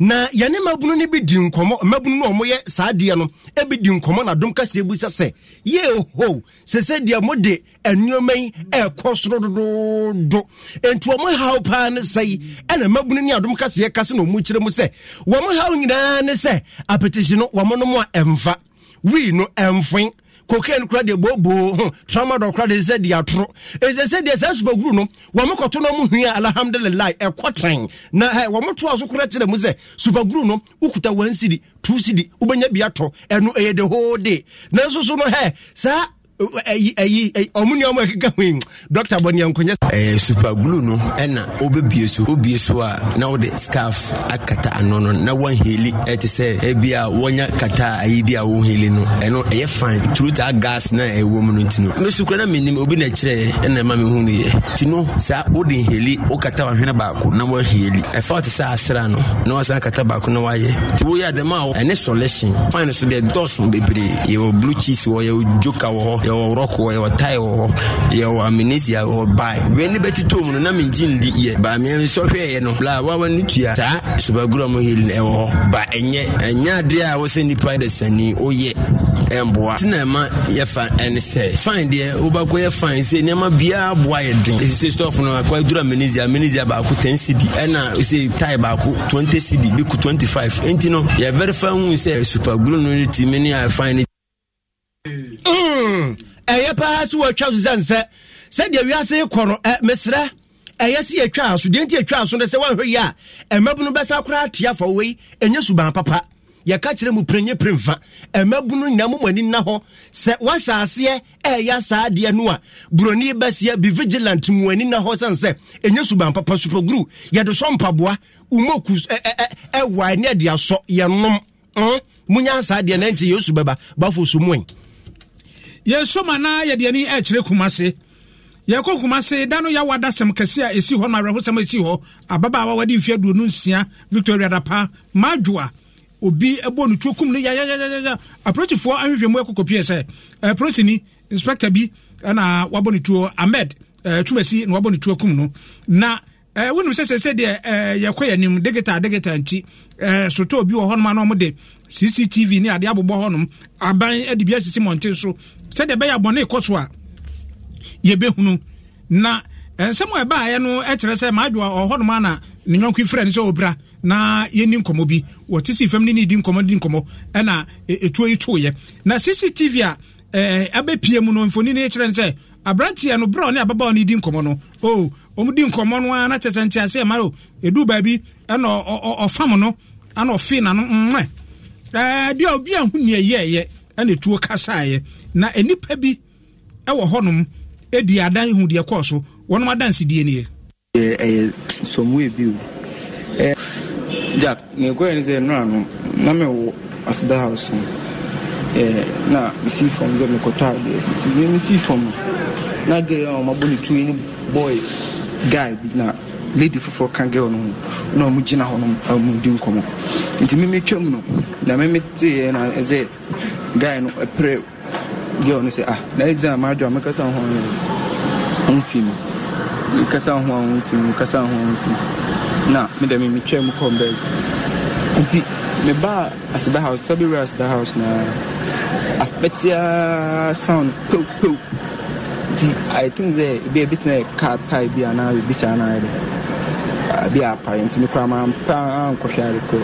na yɛne mabunu no bi di nkɔmmɔ mabunu no ɔmoyɛ saa deɛ no ɛbi di nkɔmmɔ na dom kaseɛ bu sɛ sɛ yeho sɛsɛ deɛ mode nneɛma yi ɛkɔ soro dodoodo nti ɔmo haw paa ne sɛi ɛna mabunu ne adom kaseɛ kase na ɔmo kyerɛ mu sɛ wɔmo haw nyinaa ne sɛ apetisi no wɔmo nom a ɛmfa wii no ɛmfoe cocaine kora de booboo ho hmm. tramadol kora de sɛ de atoro ɛsɛ sɛ deɛ saa supaguru no wɔn kɔto na ɔmo hui alhamdulilayi ɛkɔ tɛn na ɛ wɔn to aso kora kyerɛ mu sɛ supaguru no wokuta wɔn sidi tu sidi wobɛnya bi atɔ ɛno ɛyɛ the whole day Na so no ɛ saa ɔmo ní ɔmo ɛkeka ho yi dɔkta bɔnni ɛnkɔnyɛ. ɛɛ super glue no ɛna obebie so obie so a na wɔde scarf akata ano no na wɔn heli ɛte sɛ ebi a wɔnya kata ayi bi a wɔn heli no ɛno ɛyɛ fine turu taa gas na ɛwɔ mu no ti no mɛ sukura na mi nim obi na kyerɛ ɛna ɛma mi hu no yɛ ti no saa wɔde heli wɔkata wɔn hwene baako na wɔn heli ɛfa te sɛ asra no na wɔsan kata baako na wɔayɛ ti wɔyɛ adama a ɛne sɔlɛshin fine so deɛ dɔɔso bebree yɛwɔ blue cheese wɔ yɛwɔ joka wɔ yɛwɔ rɔko yɛwɔ tae wɔ hɔ yɛwɔ amnesia wɔ bae wei ne bɛtetɔ mu no na mengye ndi yɛ baamea sɔ hwɛeɛ no bla wawa no tua saa subagura mu hil ɛwɔ hɔ ba ɛnyɛ ɛnyɛ adeɛ a wo sɛ de sani woyɛ ɛmboa tena ɛma yɛfa ɛne sɛ fine deɛ wobɛkɔ yɛ fine sɛ nneɛma biaa boa yɛ den ɛsi sɛ stɔf no akɔ aduru amnesia amnesia baako 10 cedi ɛna sɛ tae baako 20 cedi bi ku 25 enti no yɛvɛrefa hu sɛ supaguru no no timi ne a fine Hmm. ɛyɛ paa sɛ wɔatwa so sɛn sɛ sɛdeɛ wiase kɔ no mesrɛ ɛyɛ sɛ yɛtwa so deɛ nti yɛtwa so no sɛ woanhwɛ yi a ɛmabunu bɛsa koraa tea fa wei ɛnyɛ suban papa yɛka kyerɛ mu pirɛnyɛ pirɛmfa ɛmabunu nyinaa mom ani nna hɔ sɛ woahyɛ aseɛ ɛɛyɛ saa adeɛ no a buroni bɛseɛ be vigilant mu ani nna hɔ sɛne sɛ ɛnyɛ suban papa supaguru yɛde sɔ mpaboa womaku ɛwae ne ɛde asɔ yɛnom monya hmm? saa deɛ na nkyɛ yɛsu bɛba bafo so muen yɛn na yɛde ani ɛkyerɛ kumase yɛkɔ kumase da no yɛawo adasɛm kɛse a ɛsi hɔ no awerɛhosɛm ɛsi hɔ ababaawa wade mfeɛ aduonu nsia victoria dapa madwoa obi ɛbɔ no tuo kum no yayayayaya aprotifoɔ ahwehwɛ mu ɛkɔkɔpie sɛ aprotini inspector bi ɛna wabɔ no tuo ahmed tumasi na wabɔ no tuo kum no na wonim sɛ sɛ sɛ deɛ yɛkɔ yɛ anim digital digital nti sotɔɔ bi wɔ hɔ nom a de cctv ne ade abobɔ hɔnom aban de bi asisi mmɔnten so sɛdeɛ ɛbɛyɛ abɔne ɛkɔ so a yɛbɛhunu na eh, nsɛm a ɛbaeɛ no kyerɛ sɛ maadwa ɔhɔnom ana ne nyɔnko frɛ no sɛ ɔbra na yɛni nkɔmmɔ bi wɔte si fam no ne di nkɔmmɔ di nkɔmmɔ ɛna ɛtuo e, yi toeɛ na cctv a eh, abɛpie mu no mfoni no kyerɛ no sɛ aberanteɛ no berɛ ne ababaa no di nkɔmmɔ no o oh, ɔmu di nkɔmmɔ no a na kyɛ sɛ nteaseɛ ma o oh, ɛduu baabi ɛna ɔfam no ana ɔfee na no mmɛ deɛ obi a ho nea yɛɛyɛ ɛna etuo kasaeɛ na nipa bi ɛwɔ hɔnom edi adan hu deɛ kɔɔ so wɔn adansidie nie. ɛyɛ ɛyɛ sɔmuwe bi o ɛɛ jack ne kɔɛ ne sɛ nnura no na mɛ wɔ aseda house ɛɛ na si fam sɛ mɛ kɔtɔ adeɛ nti mɛ si fam na gɛɛ a wɔn abɔ ne tue ne boy guy bi na lady foforɔ ka girl no mu na ɔmo gyina hɔ nom a ɔmo di nkɔmɔ nti mímí twam no na mímí teeɛ na ɛsɛ guy no ɛpere girl no sɛ ah na exam adwo a mekasa ho ho mfi mu mekasa ho ho mfi mu mekasa ho ho mfi mu na me dɛm mi twam kɔn bɛɛ nti me ba aseda house sabi wura house na apɛtia sound pew pew nti i think sɛ ebi ebi tena yɛ car tie bi anaa ebi saa naa yɛ dɛ. bi apare nti mekora mampa ankɔhwɛ arekɔ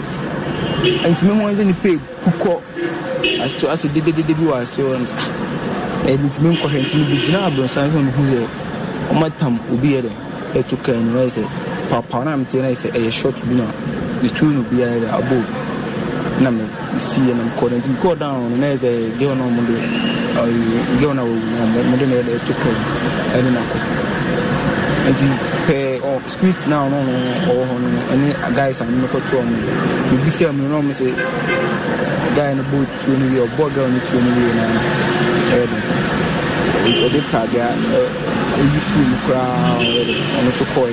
nti memu sɛ nipa ɛpukɔ aso asɛ dededede bi wɔ aseɛ ɛde nti menkɔhwɛ nti mede gyina abrɔsan sɛ mehu sɛ ɔmatam obi yɛ dɛ ɛto kaa nim ayɛ sɛ papa na meteɛ no ayɛ sɛ ɛyɛ short bi no a ɛtu no biara dɛ abɔ na mesiɛ na mekɔdɛ nti mekɔɔ down no na ɛyɛ sɛ gɛw na mde gɛw no na mede no yɛ ɛto kaa ɛne nti pɛɛ ɔ spirit na ɔno no ɔwɔ hɔ no ɛne guys a mmekɔ to ɔmo ebi sɛ ɔmo na ɔmo sɛ guy no bɔ tuo no wie ɔbɔ girl no tuo no wie na ɛyɛ dɛ ɔde taade a ɛyi firi mu koraa ɔno so kɔɛ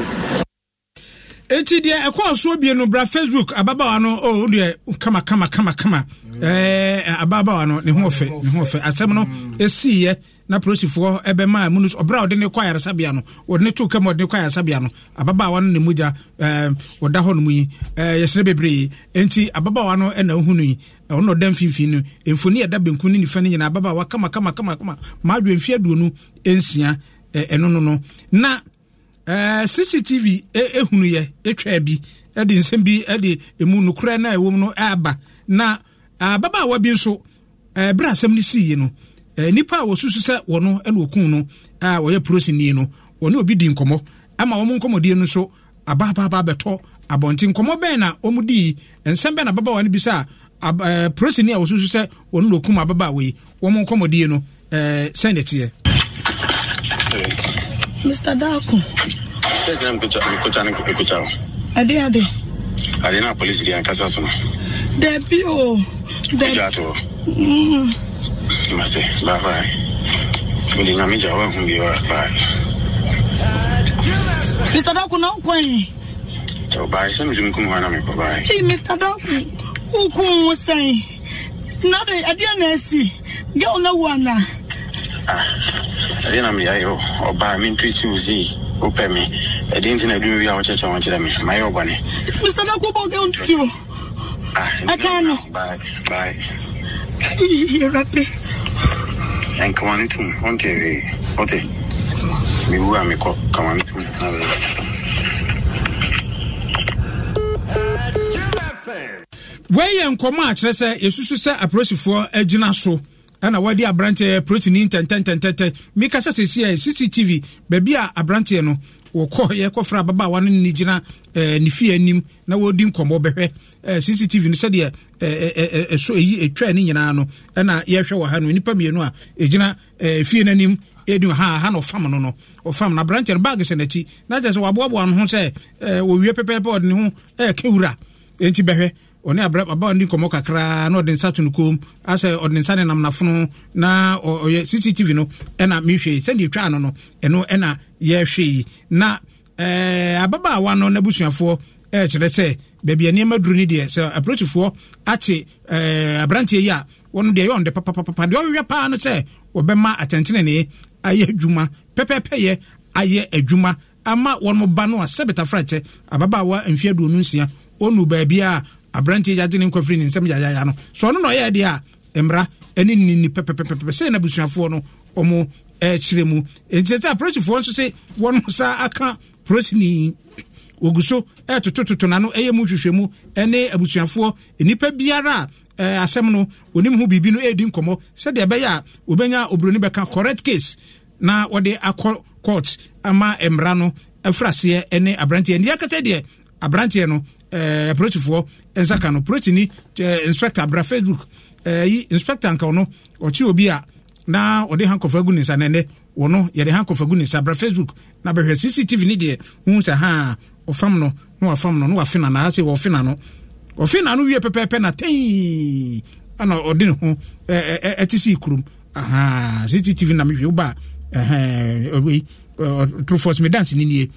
eti deɛ ɛkɔɔ soɔ bie no bra facebook ababaawa no oh, o deɛ kama kama kama kama ɛɛ ababaawa no ne ho ɔfɛ ne ho ɔfɛ asɛm no esiiɛ na polisifoɔ ɛbɛma mu no ɔbɛrɛ a ɔde ne kɔ ayaresabea no ɔde ne to kama ɔde ne kɔ ayaresabea no ababaawa no ne mogya ɛɛ ɔda hɔ nom yi ɛɛ yɛsrɛ bebree eti ababaawa no ɛna ohun no yi ɔno ɔda mfimfin no mfoni ɛda benkum ne nifa no nyinaa ababaawa kama kama kama kama maa dwe mfi aduonu nsia ɛɛ na. Eh, cctv ehunuyɛ eh, etwa eh, ebi ɛde nsɛm bi ɛde emu nukura na ɛwɔ mu no ɛɛba na ababaawa ah, bi nso ɛɛbrɛ asɛm no sii no nipa a wɔsusu sɛ wɔn ɛna okun no a wɔyɛ polosini no wɔne obi di nkɔmɔ ama wɔn nkɔmɔdie no nso abaabaaba abɛtɔ abɔnten nkɔmɔ bɛn na wɔn di nsɛm bɛn na ababaawa no bi sɛ polosini a wɔsusu sɛ wɔn na okun ababaawa yi wɔn nkɔmɔdie no ɛɛ sɛn Mr. Dako. Sasa mkutano mkutano. Ade ade. Ade na polisi ya kasa suna. Debi o. Debi. Jato. Mm. Mm-hmm. Mate, bye bye. Mimi na mija wa kumbi wa bye. Mr. Dako na uko yeye. Tau bye, sasa mzungu kumwana mimi bye. Hey Mr. Dako, uko mwosa. Nade ade na esi. Geo na wana. Ah, ɛdeɛ na meyɛ yɛ ɔbaa wo sei wopɛ me ɛdeɛ nti na adum wi a wokyɛkyɛ ho kyerɛ me mayɛ ɔbɔne mr tum wonte mewu a mekɔ kama tum na wei yɛ nkɔmmɔ sɛ yɛsusu sɛ apolisifoɔ agyina so ɛna wɔde aberanteɛ protini ntɛntɛntɛntɛntɛ mika sɛ sɛsi a cctv baabi a aberanteɛ no wɔkɔ yɛkɔfrɛ ababaawa no ne gyina eh, ne fie anim na wɔdi nkɔmmɔ bɛhwɛ eh, cctv no sɛdeɛ ɛso eh, ɛyi ɛtwa ne nyinaa no ɛna yɛhwɛ wɔ ha no nnipa mmienu a ɛgyina fie no anim ɛdi ha ha na ɔfam no no ɔfam no aberanteɛ no bag sɛ n'akyi na kyerɛ sɛ wɔaboaboa no ho sɛ wɔwie pɛpɛɛpɛ ɔde ne ho ɛyɛ kɛwura ɛnti bɛhwɛ ɔne abra aba ne nkɔmmɔ kakra na ɔde nsa to no kom asɛ ɔde nsa ne nam na ɔyɛ cctv no ɛna mehwei sɛdeɛ twaa no no ɛno ɛna yɛhwei na ɛɛ ababaawa no n'abusuafoɔ ɛɛkyerɛ sɛ baabi nneɛma duru ne deɛ sɛ apolisifoɔ akye ɛɛ aberanteɛ yi a wɔn deɛ yɛ ɔnde papapapa deɛ ɔhwehwɛ paa no sɛ wɔbɛma atɛntɛnɛnɛ ayɛ adwuma pɛpɛɛpɛyɛ ayɛ adwuma ama wɔn ba no a sɛbitafra kyɛ ababaawa mfe aduonu nsia ɔnu baabi a aberanteɛ gyagye ne nkɔfiri ne nsɛm yayaya no so ɔno na ɔyɛ deɛ a mmara ne nini pɛpɛpɛpɛ sɛ n'abusuafoɔ no ɔmo ɛkyerɛ mu nti sɛ apolisifoɔ nso se wɔn sa aka polisini ogu so ɛtotototo n'ano ɛyɛ mu nhwehwɛmu ne abusuafoɔ nnipa biara a asɛm no onim ho biribi no ɛredi nkɔmmɔ sɛdeɛ ɛbɛyɛ a wɔbɛnya oburoni bɛka correct case na wɔde akɔ court ama mmara no afiri aseɛ ne aberanteɛ nti akasɛ deɛ aberanteɛ no Eh, aprotifoɔ nsa ka no ɛɛ eh, inspector bra facebook ɛɛ eh, yi inspector nka no ɔte obi a na ɔde hankɔfa gu ne nsa nɛnɛ wɔno yɛde hankɔfa gu ne nsa bra facebook na bɛhwɛ cctv ni deɛ wohu sɛ ɔfam no na wafam no na wafena na sɛ wɔfena no ɔfena no wie pɛpɛɛpɛ na tei ana ɔde ne ho ɛte sii kurom cctv na mehwɛ woba torofoɔ sɛ medance ne nie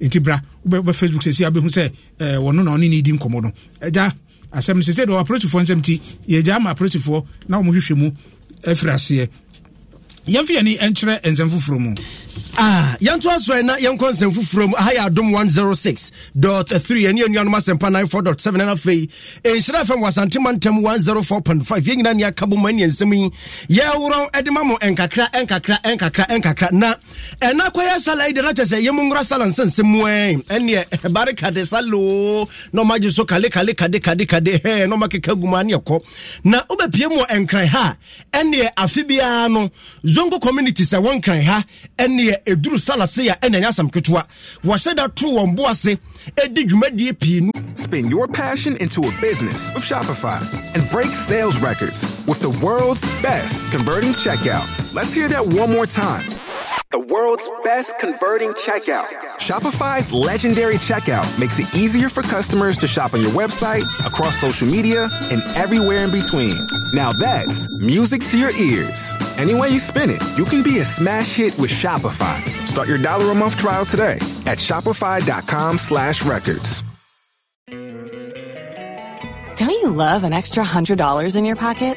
nti bra wobɛ facebook sɛsi abɛhu sɛ wɔno na ɔne ne di nkɔmmɔ no agya asɛm no sɛsɛ deɛ wɔaprotifoɔ nsɛm nti yɛgyaa ma aprotifoɔ na wɔmhwehwɛ mu afiri aseɛ yɛmfa yɛni nsɛm foforɔ mu Ah, yɛnto asoɛ na yɛnkɔ nsɛm foforɔ mu aha yɛ adom 106 3 ɛne anuanom asɛmpa 94.7 ɛna afei ɛnhyira fam wɔ asantema ntam 104.5 yɛn nyina ne aka bɔ ma ne nsɛm yi yɛworɔn de ma mo ɛnkakra ɛnkakra ɛnkakra ɛnkakra na ɛna kɔyɛ sala yi de na kyɛ sɛ yɛmu nwura sala nsɛnsɛm mu ɛn ɛneɛ ɛbare eh, kade saloo na ɔma gye so kale kale kade kade kade hɛ na ɔma keka gu mu aneɛ kɔ na wobɛpie mu wɔ ɛnkran ha ɛneɛ afe biara no zongo community sɛ wɔnkran ha ɛneɛ deɛ ɛduru salaseya ɛna ɛnyɛ asɛm ketewa wɔhyɛ da to wɔn bo ase ɛdi dwumadie pii no Spin your passion into a business with Shopify and break sales records with the world's best converting checkout. Let's hear that one more time the world's best converting checkout. Shopify's legendary checkout makes it easier for customers to shop on your website, across social media, and everywhere in between. Now that's music to your ears. Any way you spin it, you can be a smash hit with Shopify. Start your dollar a month trial today at shopify.com slash records. Don't you love an extra $100 in your pocket?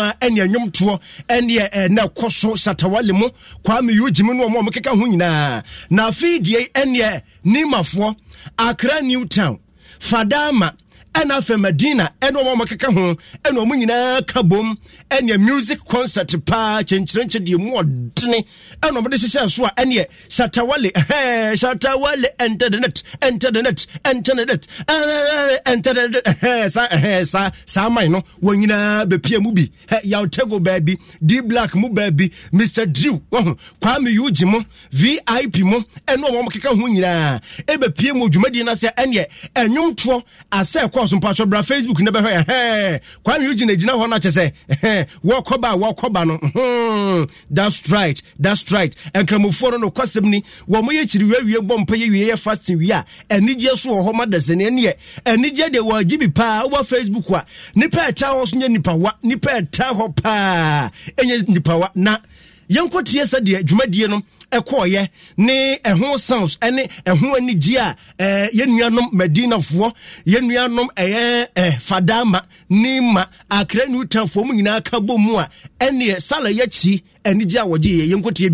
a ɛne nnwomtoɔ ɛne na ɛkɔ so satawale mu kwame yogimi no ɔmo a ɔmokeka ho nyinaa na afei deɛ ɛneɛ nimafoɔ akra newtown fadama ɛna afei madina ɛne ɔmo a ɔmokeka ho ɛne ɔmo nyinaa ka bom ɛneɛ music concert paa kyɛnkyerɛnkyɛ deɛ mu ɔdene ɛna ɔmɔde hyehyɛ so a ɛneɛ shatawale shatawale internet, internet, internet, enter sa, sa, enter the net enter the net saa saa saa man no wɔn nyinaa bɛpia mu bi yawtego baabi d black mu baabi mr drew wɔho kwame yugi mu vip mu ɛne ɔmɔ keka ho nyinaa ɛbɛpia mu dwumadi no sɛ ɛneɛ ɛnwomtoɔ asɛ ɛkɔɔ so mpatwɔ bra facebook na bɛhwɛ kwame yugi na gyina hɔ no akyɛ sɛ sɛ wɔkɔba wɔkɔba no hmm, that's right that's right nkramofoɔ no nokwasɛm ni wɔn yɛ kyiri wie wie bɔ mpa yɛ wie yɛ fasting wie a anigyeɛ so wɔ hɔ ma dasani ɛneɛ anigyeɛ deɛ wɔn agye bi paa wɔ facebook a nipa ɛta hɔ so nyɛ nipawa nipa ɛta hɔ paa ɛnyɛ nipawa na yɛnkɔ tie sɛ deɛ dwumadie no ɛkɔɔyɛ ne ɛho sounds ɛne ɛho anigye a ɛɛ yɛn nuanom madinafoɔ yɛn nuanom ɛyɛ ɛɛ fadama ne ma akra newtown foɔ mu nyinaa ka bɔ mu a ɛneɛ sala yɛkyi anigye a wɔgye yɛ yɛn nkotie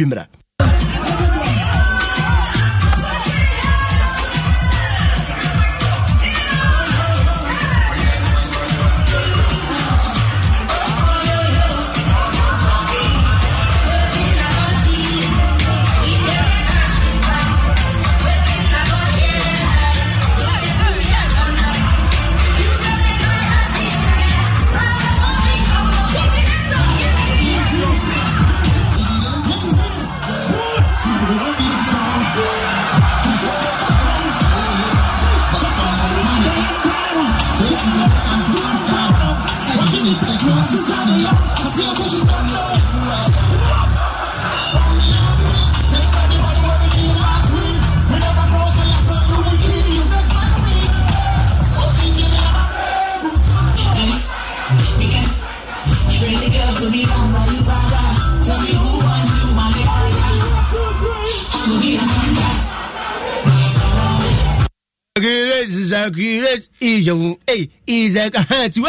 a great Israel. Hey, is a hanty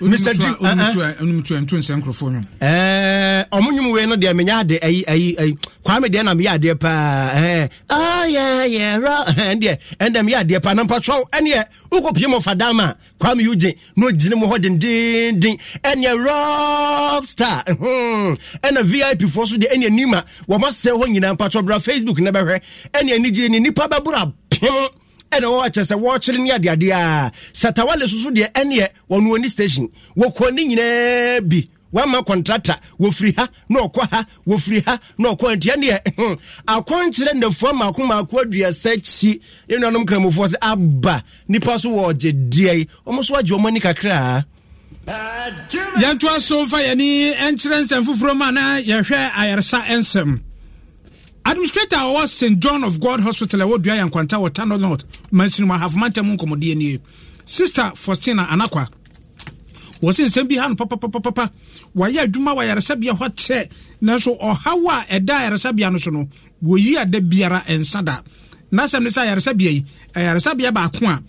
Mr. Drew, I'm to and to and Kwame Dena, me are dear pa. Eh, ah, yeah, yeah, right, and yeah, and then me are dear Panam Patrol, and yeah, Fadama, Kwame Uji, no Jim Hodden Ding Ding, and your rock star, hmm, and a VIP force with the Nima, what must say when Facebook, never, and Niji, Nipa Babura, ɛna wɔn akyɛ sɛ wɔɔkyere ne adeade a satawale soso deɛ ɛneɛ wɔn oni station wɔkɔ ne nyinaa bi wama kɔntrata wɔfiri ha na ɔkɔ ha wɔfiri ha na ɔkɔ nti ɛneɛ akɔnkyerɛ nnafoɔ maako maako aduasa kyi yɛnuanom kramofoɔ sɛ aba nnipa so wɔ ɔgye deɛ ɔmo so agye ɔmo ani kakraa yɛntoa so mfa yɛni ɛnkyerɛ nsɛm foforɔ mu ana yɛhwɛ ayaresa nsɛm administrator a ɔwɔ st john of god hospital a ɛwɔ dua yankwanta wɔ tano north mansinum ahafomanta mu nkɔmmɔdeɛ nie sister faustina anakwa wɔse nsɛm bi ha no papapapapa wayɛ adwuma wɔ ayaresabea hɔ kyɛ nanso ɔhaw a ɛda ayaresabea no so no wɔyi ada biara ɛnsa da na sɛm ne sɛ ayaresabea yi ayaresabea baako a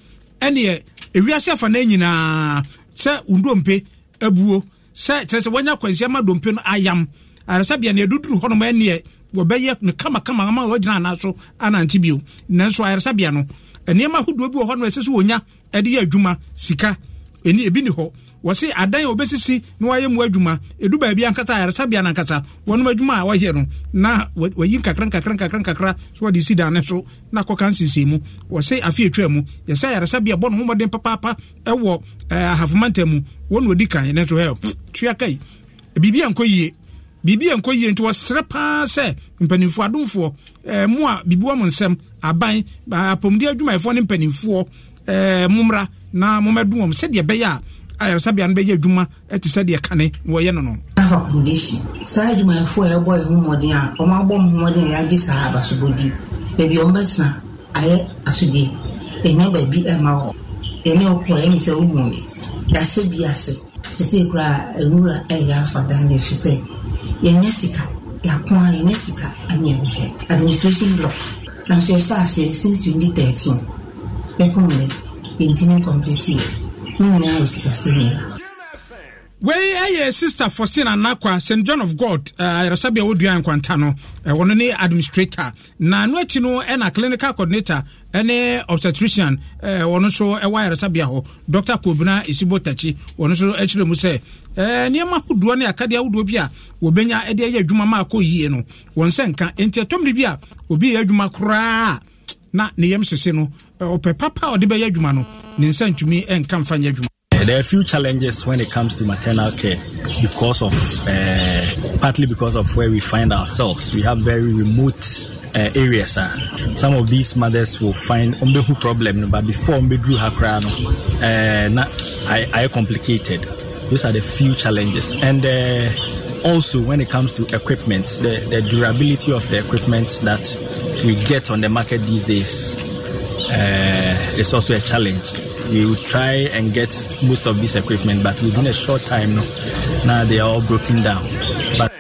ɛneɛ ewiase afa no nyinaa sɛ ndompe abuo sɛ kyerɛ sɛ wɔanya akwansiama dompe no ayam ayaresabea neɛ ɛduduru hɔnom ɛneɛ wɔbɛyɛ no kamakama ama wɔgyina ana so anante bio nanso ayaresabea no nneɛma ahodoɔ bi wɔ hɔ no ɛsɛ sɛ wɔnya de yɛ adwuma sika ɛni ebi ni hɔ wɔsi adan a wɔbɛsisi na wɔayɛ mu adwuma edu baabi ankasa ayaresabea nankasa wɔn adwuma a wɔyɛ no na wɔyi nkakra nkakra nkakra nkakra so wɔde si dan ne so na akɔka nsese mu wɔsi afi etwa mu yɛsɛ ayaresabea bɔ ne ho mɔden papaapa ɛwɔ ɛɛ ahafomanta mu wɔn na odi kan ne so hɛ tuya kai biribi a nkɔ yie biribi yɛ nkɔ yie nti wɔsrɛ paa sɛ mpanimfoɔ adomfoɔ eh, mu a biribi wɔ mo nsɛm aban apɔmuden adwumayɛfoɔ ne mpanimfoɔ eh, momra na mommɛdo wɔm sɛdeɛ ɛbɛyɛ a ayaresabea no bɛyɛ adwuma te sɛdeɛ kane na wɔyɛ no no saa adwumayɛfoɔ a ɛbɔ yɛ ho mmɔden a ɔma abɔ mo mmɔden a yɛagye saa abasobɔdi baabi a ɔmbɛtena ayɛ asodie ɛnyɛ baabi ɛma hɔ ɛne ɔkɔ ɛne sɛ womu me yɛahyɛ bi ase sesei koraa awura ɛyɛ afa dan no ɛfiri sɛ yɛnyɛ sika yɛako a yɛnyɛ sika ɛne yɛhwɛ administration block nanso yɛhyɛ aseɛ since 2013 bɛpɔ mmerɛ yɛntimi complete yɛ ne nyinaa yɛ sikasɛmia wei ɛyɛ sister faustin anakwa st john of god eh, ayaresabea wɔdua nkwanta no ɛwɔ eh, no ne administrator na no akyi no ɛna clinical coordinator ɛne obstetrician wɔno eh, nso ɛwɔ ayaresabea hɔ dr kobina esibo tachi wɔno nso akyerɛ mu sɛ nneɛma ahodoɔ ne akadeɛ ahodoɔ bi a wɔbɛnya de ɛyɛ adwuma ma akɔ yie no wɔn sɛ nka enti ɛtɔmmere bi a obi yɛ adwuma koraa na ne yam sese no ɔpɛ papa a ɔde bɛyɛ adwuma no ne nsa ntumi nka mfa nyɛ adwuma there are a few challenges when it comes to maternal care because of uh, partly because of where we find ourselves. We have very remote uh, areas. Uh. Some of these mothers will find umbehu problem, but before umbedru drew her uh, I, I complicated. Those are the few challenges, and uh, also when it comes to equipment, the, the durability of the equipment that we get on the market these days uh, is also a challenge. We will try and get most of this equipment, but within a short time, no, now they are all broken down. But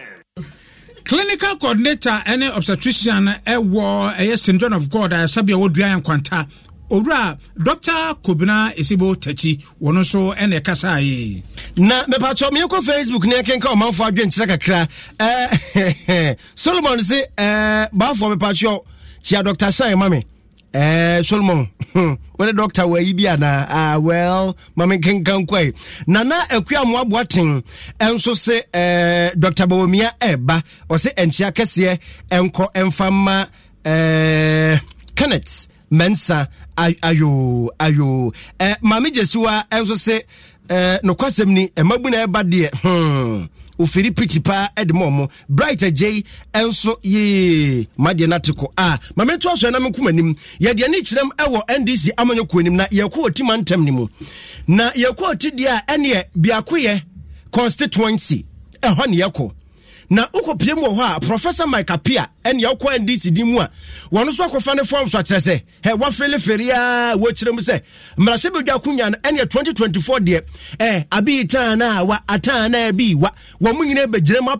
clinical coordinator ɛne obstetrician ɛwɔ ɛyɛ st john of god a sɛbea wɔdua yɛ nkwanta owura dr kobina esibo tɛkyi wɔn nso ɛna eh, ɛkasa yi. na mepatɔ meyɛkɔ facebook ne ɛkenka ɔmanfoɔ adwenkyerɛ kakra eh, solomon se eh, ɛɛ baafoɔ mepatɔ kyia dr shan ma Eh, solomon When wone doctor wɔayi bi anaa ah, well mame kenkan kɔe nana akua so say, se uh, dr eba. ɛba ɔse ɛnkyea kɛseɛ ɛnkɔ co, ma uh, Kenneth mensa ayo ayo uh, eh, maame gyesuwa so say uh, eh, nokwasɛm ni ɛmabu eh, na eba deɛ hmm. ofiri pikyi paa de ma ɔmo bright agyei nso ye madeɛ no ate kɔ ah, a mame to aso na menkom anim yɛdeɛ ne kyerɛm wɔ ndc amanyɛ kɔ anim na yɛkɔ ɔti ma ntam no mu na yɛkɔ oti deɛ a ɛneɛ yɛ constituency ɛhɔ ne yɛkɔ na wokɔpie mu wɔ hɔ a professor mike apia ɛne wokɔ ndc di mu a wɔno so akɔfa ne form so akyerɛ sɛ hɛ wafelefere a wɔkyerɛ mu sɛ mmarahyɛ bɛdwa konya no ɛneɛ 2024 deɛ eh, abii taa no wa ataa no a bii wa wɔ mo nyina bɛgyina ma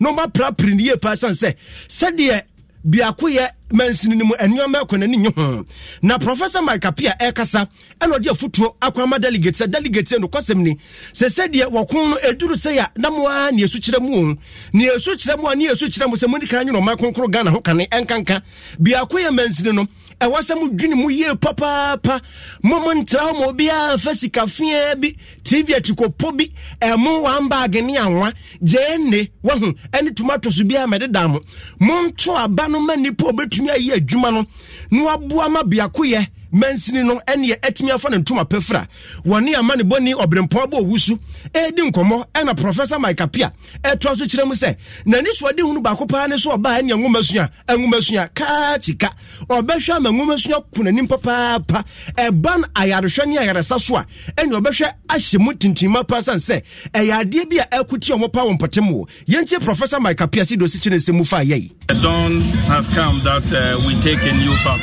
na ɔma pra ne yie paa sane sɛ sɛdeɛ biakoyɛ mansini no mu ɛnneɔma ɛkɔ ho na professor mike apia ɛrekasa ɛna ɔde afutuo akɔama delegate sɛ delegate no kɔsɛm ni sɛ sɛdeɛ wɔko no ɛduru sɛ yɛ namoa ne ɛsu kyerɛ mu o ne ɛsu kyerɛ mu a ne ɛsu kyerɛ mu sɛ mo nika nwene ɔma kronkro ghana ho kane ɛnkanka biako yɛ mansini no ɛwɔ sɛ mo dwene mu yie papaapa mo mo ntra hɔ obiara mfa sika fea bi tv atikɔpɔ bi ɛmo wambaage ne anwa gyee nne wahu ɛne tomatoes biara mɛdeda mo monto aba no ma nnipa obɛtu atumi ayi adwuma no na waboa ma biakoyɛ mansini no ɛneɛ ɛtumi afa ne ntoma pɛfra wɔne ama ne bɔni ɔberempɔn bɔ owu so ɛredi nkɔmmɔ ɛna prɔfɛsa mike apia ɛtoa so kyerɛ mu sɛ n'ani soɔde hunu baako paa ne so ɔbaa ɛneɛ nwoma sua nwoma sua kaa kyika ɔbɛhwɛ ama nwoma sua ko n'anim papaapa ɛba no ayarehwɛ ne ayaresa so a ɛne ɔbɛhwɛ ahyɛ mu tintinma paa sɛ ɛyɛ adeɛ bi a ɛkuti ɔmo paa wɔ mpɔtem wɔ yɛntie prɔfɛsa mike apia si dosi kyerɛ nsɛm mu fa yɛi. dawn has come that uh, we take a new path.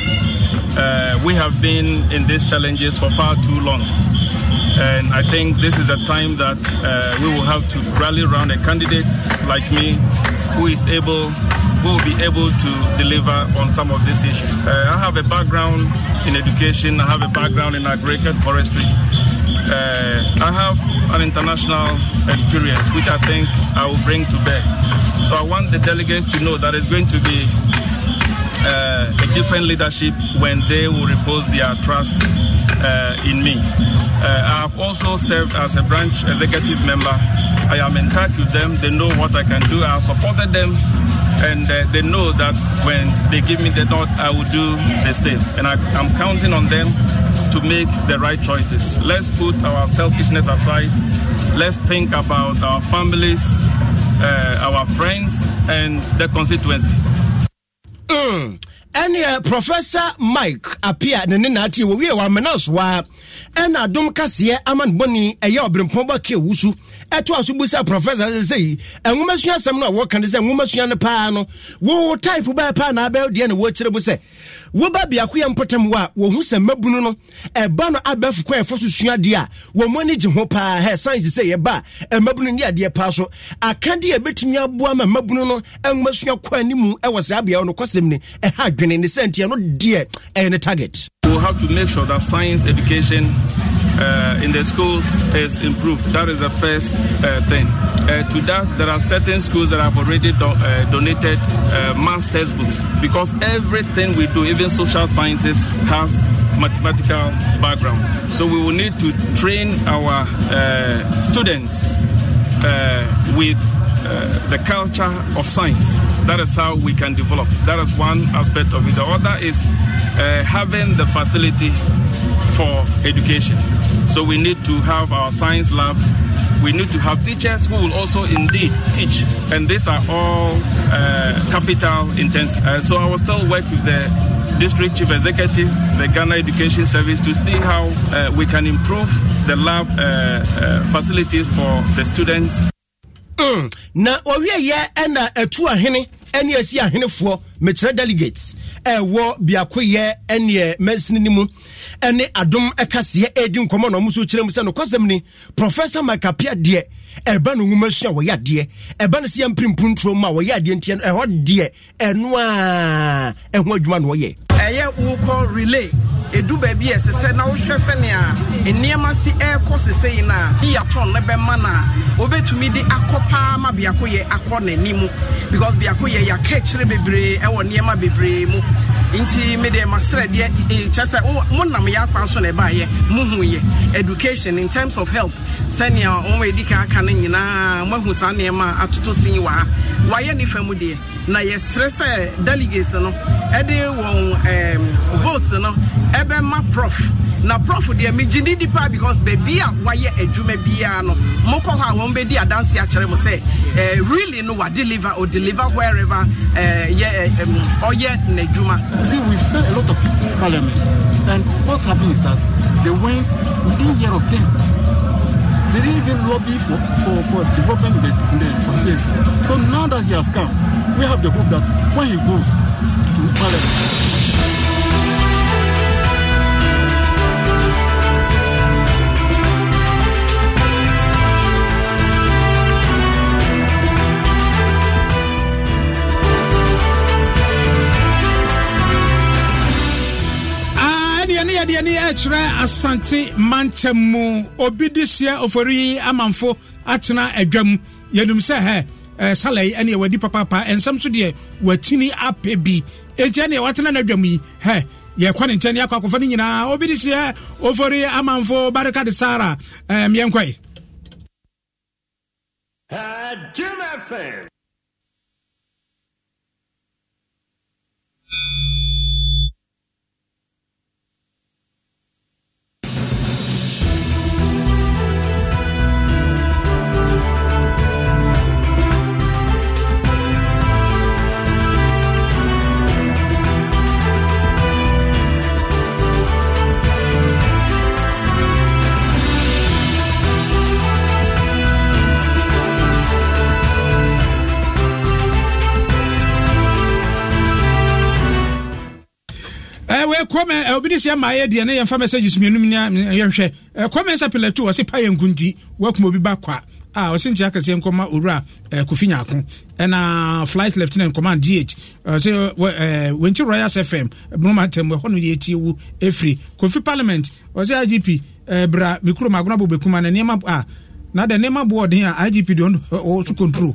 uh, we have been in these challenges for far too long. And I think this is a time that uh, we will have to rally around a candidate like me who is able, who will be able to deliver on some of these issues. Uh, I have a background in education, I have a background in agriculture, forestry. Uh, I have an international experience which I think I will bring to bear. So I want the delegates to know that it's going to be uh, a different leadership when they will repose their trust uh, in me. Uh, I have also served as a branch executive member. I am in touch with them. They know what I can do. I have supported them, and uh, they know that when they give me the nod, I will do the same. And I, I'm counting on them to make the right choices. Let's put our selfishness aside. Let's think about our families, uh, our friends, and the constituency. ɛneɛ eh, professor mike apia ne ne naate wɔwie wɔ amena a ɛna adom kaseɛ amanebɔne ɛyɛ ɔberempɔn bɔ ke wo su ɛto a so bu sɛ professor sɛ sɛyi ɛnwoma sua asɛm no a wɔka sɛ nwoma no paa no wo type bɛɛ paa na ne wɔkyerɛ bo sɛ woba biako yɛ mpɔtam wɔ a wɔhu sɛ mabunu no ɛba no abɛfo kwan ɛfɔ so sua a wɔn ani gye ho paa hɛ science sɛ yɛba a ɛmabunu ne adeɛ paa so akadeɛ ɛbɛtumi aboa ma mabunu no ɛnwoma sua kwan mu ɛwɔ saa beaeɛ no kɔsɛm ne ɛha adwene ne sɛ nteɛ no deɛ ɛyɛ ne target. we have to make sure that science education uh, in the schools is improved. That is the first uh, thing. Uh, to that, there are certain schools that have already do- uh, donated uh, mass textbooks because everything we do, even social sciences, has mathematical background. So we will need to train our uh, students uh, with uh, the culture of science. That is how we can develop. That is one aspect of it. The other is uh, having the facility for education. So we need to have our science labs. We need to have teachers who will also indeed teach. And these are all uh, capital intensive. Uh, so I will still work with the district chief executive, the Ghana Education Service, to see how uh, we can improve the lab uh, uh, facilities for the students. Mm. na wɔwie yɛ ɛna ɛtu ahene ɛne asi ahenefoɔ mekyerɛ delegates ɛwɔ eh, biakoyɛ ɛneɛ eh, masini no mu ɛne adom ɛkaseɛ ɛredi nkɔmmɔ na ɔmo nso kyerɛ mu sɛ nokwasɛm ni professor michael pia deɛ ɛba no nwoma sua wɔyɛ adeɛ ɛba no sɛ yɛ mpirimpunturo mu a wɔyɛ adeɛ ntiɛ ɛhɔ deɛ ɛno ɛho adwuma na ɔyɛ ɛyɛ wokɔ relay ɛdu baabi a ɛsɛ sɛ na wohwɛ sɛnea nneɛma si ɛrekɔ sese yi no a ne yɛtɔn no bɛma no a wobɛtumi de akɔ paa ma biako yɛ akɔ n'anim because biako yɛ yɛaka akyire bebree ɛwɔ nneɛma bebree mu nti mede maserɛdeɛ eh, kyɛ sɛ monam yɛ akwa nso na ɛbaayɛ mohuyɛ education in terms of health sɛnea wɔn ɛdi ka aka no nyinaa moahu saa nneɛma atoto sin wɔ ha wayɛ ne fa mu deɛ na yɛserɛ sɛ delegates no ɛde wɔn eh, Um, votes no ɛbɛma prof na prof deɛ megye ne nipa because baabi a wayɛ adwuma biara no mokɔ hɔ a wɔn bɛdi adanse akyerɛ mo sɛ eh, really no wadeliver or deliver wherever eh, yɛ eh, ɔyɛ n'adwuma. see we sent a lot of people to parliament and what happened is that they went we didn't hear of them. They didn't even lobby for, for, for development in the, in the constituency. So now that he has come, we have the hope that when he goes, Ah, deɛ ne ɛkyerɛ asante mankyɛm mu obi de hyia ofori amanfo atena adwam yɛnim sɛ hɛ Eh, salai ɛne wadi papaapa ɛnsɛm so deɛ watini apɛ bi enti ɛneɛ watena no adwam yi hɛ yɛkɔ ne nkyɛn ne akɔ akɔfa no nyinaa obi de hyeɛ ofori amanfo barika de sara ɛɛ mmiɛnkɔe. Jim FM. ɛwɛ eh, kɔmɛ eh, obi ni sɛ maa yɛ deɛ ne yɛn fa messages mienu mi yɛhwɛ kɔmɛ nsa pɛlɛ tu wɔsi payɛ nkunti wɔkuma obi ba kwa a ah, wɔsi nkyɛn akɛseɛ nkɔma owura eh, kofi nyaako ɛna flight lieutenant command dh ɔsɛ wɔnkyi royal fm bunoma tɛmu ɛhɔ no yɛ tie wu efiri kofi parliament ɔsɛ igp ɛbra mikuro maagona bɔ bɛkuma na nneɛma a. Ah, na de ne ma board a IGP don also control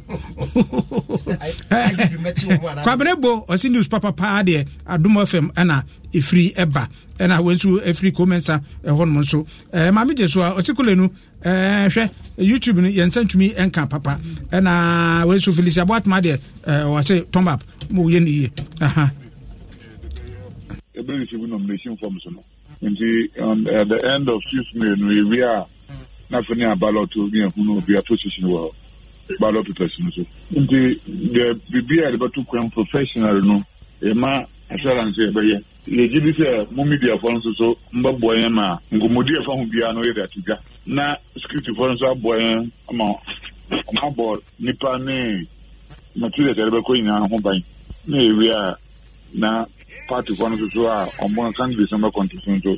kwabene bo ɔsi news papa paa deɛ adum fm ɛna efiri ɛba ɛna wɔn nso efiri kɔmɛnsa ɛhɔnom nso ɛɛ maame gye so a ɔsi kule no ɛɛ hwɛ youtube no yɛn nsa ntumi ɛnka papa ɛna wɔn nso felicia boatma deɛ ɛɛ wɔsi tom up mo yɛ ne yie ɛha. ebe receive nomination forms no nti the end of six may no ewie na afei ne abalɔto ne ahu no obi ato sisi no wɔ hɔ ballot papers no so nti deɛ biribi a yɛbɛto kwan professional no yɛma assurance yɛbɛyɛ yɛgye bi sɛ mo mediafoɔ nso so mbɛboa yɛn ma nkɔmmɔdi ɛfa ho biara no yɛde ato dwa na securityfoɔ nso aboa yɛn ama ɔmabɔ nipa ne materials yɛde bɛkɔ nyinaa ho ban na yɛwie a na partyfoɔ no so so a ɔmbɔ candidates no bɛkɔnto so nso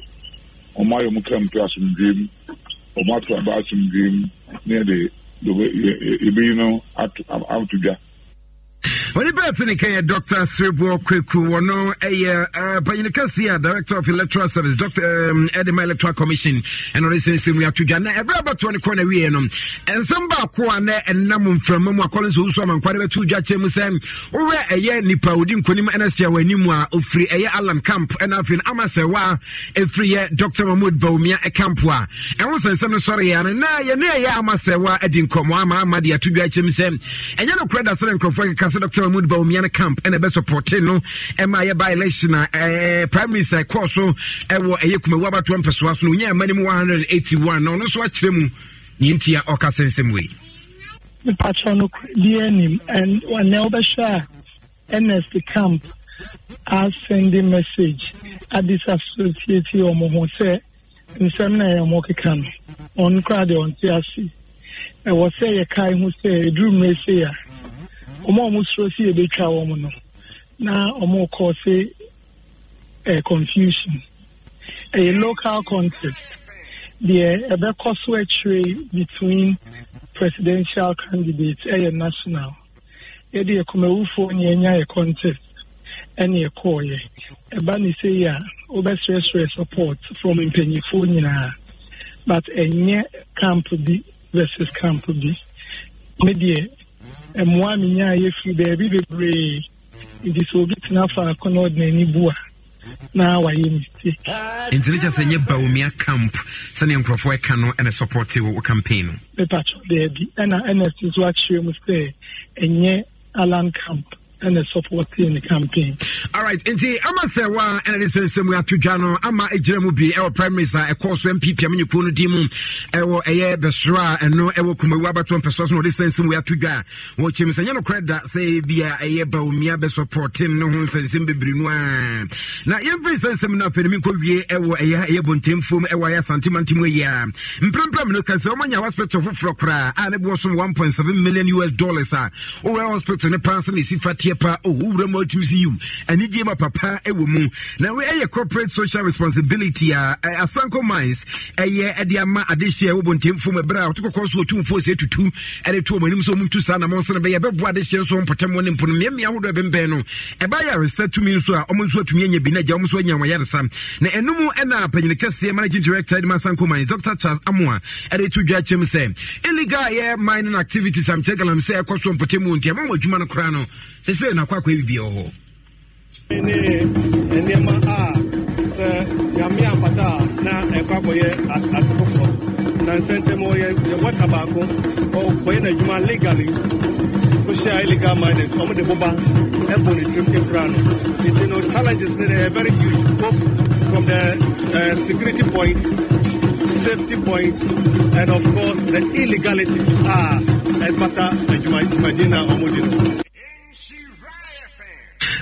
ɔmo ayɛ ɔmo kra mpe mu ɔmo ato aba asomdwee mu ne yɛde yɛbɛyi no ato abotodwa onipa ɛte ne kɛyɛ dr sirbo kwaku wɔno ɛyɛ uh, panyini kɛseɛ uh, director of electoral service dr um, edema electoral commission ɛno ne sɛnsɛm yɛato dwa na ɛberɛ bɛtoɔ ne kɔ na wieɛ no ɛnsɛm baako a na ɛnam mframa mu akɔle nso wosu ama nkwane bɛto dwa kyɛ e mu sɛ wowerɛ ɛyɛ nipa odi nkonim ɛna sia wɔ anim a ɔfiri ɛyɛ alam camp ɛna afei no ama sɛ wɔ a ɛfiri yɛ dr mahmud baomia camp a ɛho sɛnsɛm no sɔreyɛ ano na yɛne ɛyɛ ama sɛ wɔ a adi nkɔmmɔ ama ama de ato dwa kyɛ mu sɛ ɛnyɛ nokorɛ da sɛne nkurɔfoɔ keka sɛ dr General Mahmoud Bawumian camp ɛna ɛbɛ sɔpɔte no ɛma yɛ by election a ɛɛ primary sɛ kɔɔ so ɛwɔ ɛyɛ kumawu abatoɔ mpɛsoa so no eh, onyaa ɛma no mu one hundred and eighty one na ɔno nso akyerɛ mu ne ntia ɔka sɛnsɛm wei. nipakyɛ no bi anim ɛnɛ wobɛhwɛ a ns camp asɛnde message adisassociate wɔn ho sɛ nsɛm na ɛyɛ wɔn keka no ɔno koraa deɛ ɔnte ase ɛwɔ sɛ yɛkae ho sɛ ɛduru mmerɛ sei a ọmụ ọmụ soro si ebetwa ọmụ no na ọmụ kọọsị ẹ confusion ẹ local contest deɛ ɛbɛkɔ so akyire between presidential candidates ẹ yɛ national yɛde yɛ kɔmɛwufoɔ ne yɛnya yɛ contest ɛne ɛkɔɔ yɛ ɛba ne sɛ yi a wobɛsrɛsrɛ support from mpanyinfoɔ nyinaa but ɛnyɛ camp bi versus camp bi ne deɛ mmoa menya a yɛfiri baabi bebree nti sɛ obi tena faako na ɔde n'ani bu a na wayɛ mistake nti ne kyɛ sɛ nyɛ baomia camp sɛneɛ nkurɔfoɔ ɛka no ɛne supporte wo campaign no mepatwɔ daabi ɛna ɛna si so akyerɛ mu sɛ ɛnyɛ alan camp and supporting the campaign. All right, nti ama sɛ wa ɛna de sɛnsɛm ato dwa no ama egyina mu bi ɛwɔ primaries a ɛkɔ so npp amanyɔkuo no di mu ɛwɔ ɛyɛ bɛsoro a ɛno ɛwɔ kumawu abatoɔ mpɛsɔ so na ɔde sɛnsɛm ato dwa a wɔn kyɛm sɛ nyɛ nokorɛ da sɛ bi a ɛyɛ bawumia bɛsɔpɔten no ho nsɛnsɛm bebree no a na yɛmfiri sɛnsɛm no afei no mi nkɔ wie ɛwɔ ɛyɛ ɛyɛ bontemfom ɛwɔ ɛyɛ asantemantimu yi a mprempren no kasa wɔn anya hospital foforɔ koraa a ne bi wɔ so um, one point seven million us dollars a uh, wɔwɔ hospital ne pan so na esi fa teɛ pa owura mu atumi si yiw anigyeɛ ma papa wɔ mu na ɛyɛ corporate social responsibility a asanko mines ɛyɛ ɛde ama adehyeɛ wɔ bɔntɛmfo mu ɛberɛ a ɔtokɔkɔ so ɔtumfoɔ sɛ tutu ɛde to ɔmo anim sɛ ɔmumtu saa na mɔnso no bɛyɛ ɛbɛboa adehyeɛ nso mpɔtɛmɔ ne mpo no mmeammea ahodoɔ ɛbɛmbɛn no ɛbayɛ aresɛ tumi nso a ɔmo nso atumi anya bi na agya ɔmo nso anya wɔn yaresa na ɛnum ɛna managing director dr charles amoa to dwa illegal mining activities no no sɛ sɛ nakɔakɔ bibia wɔ hɔ nneɛma a sɛ nyame ampata a na ɛkɔ ase foforɔ na nsɛntɛm ɔyɛ baako ɔkɔyɛ legally illegal boba ɛbɔ ne tirim no nti no challenges ne ɛyɛ huge both from the uh, security point safety point and of course the illegality a ah, ɛbata adwumadin a ɔmode no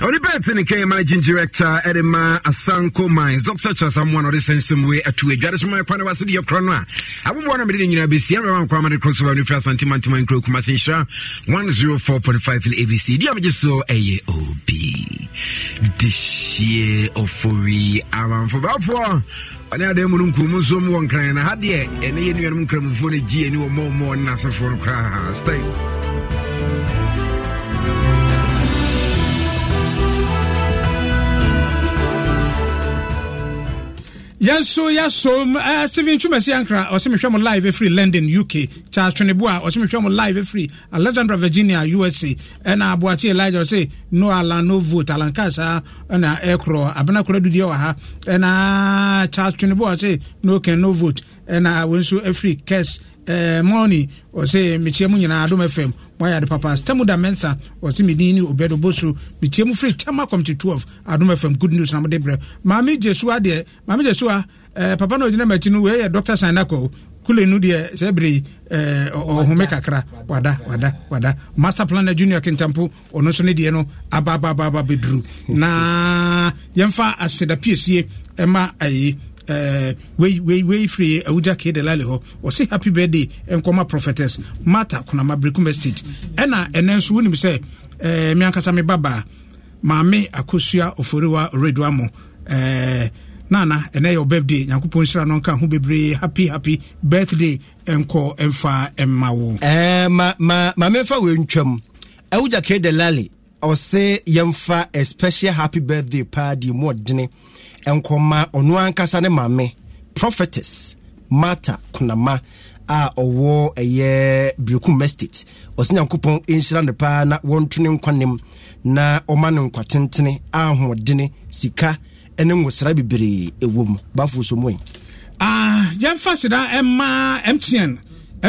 onipa ɛte ne kɛn managing director Edema asanko mines dr charles amoa na ɔde sɛ nsɛm wei atu adwade soma ɛkwa ne wase deɛ korɔ no a aboboa no mede ne nyinaa bɛsia mmerɛma nkwa ma de korɔ so wano firi asantemantema nkuro kuma se nhyira 104.5 ne abc di a megye so ɛyɛ obi dehyie ɔfori amanfo bɛfoɔ ɔne adan mu no nkumu nso mu wɔ nkran na ha deɛ ɛne yɛ nuanom nkramufoɔ no gyeɛ ne wɔ mɔmmɔɔ ne nasefoɔ no koraa style yɛn nso yɛasom uh, eh, stephen twumasi ankra ɔsɛ mehwɛ mo live ɛfiri london uk charles twoneboa ɔsɛ mehwɛ mo live ɛfiri alexandra virginia usa ɛna aboakye Elijah ɔsɛ no ala no vote alankasa saa ɛna ɛkorɔ abena kora dudeɛ wɔ ha ɛna charles twoneboa ɔsɛ no can no vote ɛna wɔn nso ɛfiri kes eh, mɔni ɔsɛ mekyia mu nyinaa adom fm moayɛ ade papa stem da mensa ɔsɛ medin ne obɛdo boso mekyia mu firi tama comte 12 adom fm good news na mode brɛ maame gyesua deɛ maame gyesua eh, papa no ɔgyina makyi no weɛyɛ dr sinako kule no deɛ sɛ bere eh, ɔhome kakra wada wada wada master plan na junior kentampo ɔno nso ne deɛ no abababaaba bɛduru na yɛmfa aseda piesie ɛma ayi Eh, wei firi awugya eh, kee de lale hɔ ɔse happy birthday nkɔma prophetess mata konama brekum estate ɛna ɛnɛ nso wonim sɛ eh, meankasa me babaa maame akosua oforiwa oredua mo eh, nana ɛnɛ yɛ birthday nyankopɔn nhyira no nka ho bebree happy happy birthday nkɔ mfa ma wo eh, ma, ma, ma eh, de lale ɔse yɛmfa a special happy birthday paa de mu ɔdene nkɔma ɔno ankasa ne maame prophetess marta konama a ɔwɔ ɛyɛ brekum estate ɔsɛ nyankopɔn ɛnhyira no paa na wɔntone nkwanem na ɔma no nkwatentene ahoɔdene sika ne nwosra bebree ɛwɔ mu bafo so mu ah, yɛmfa hyira ɛma mtn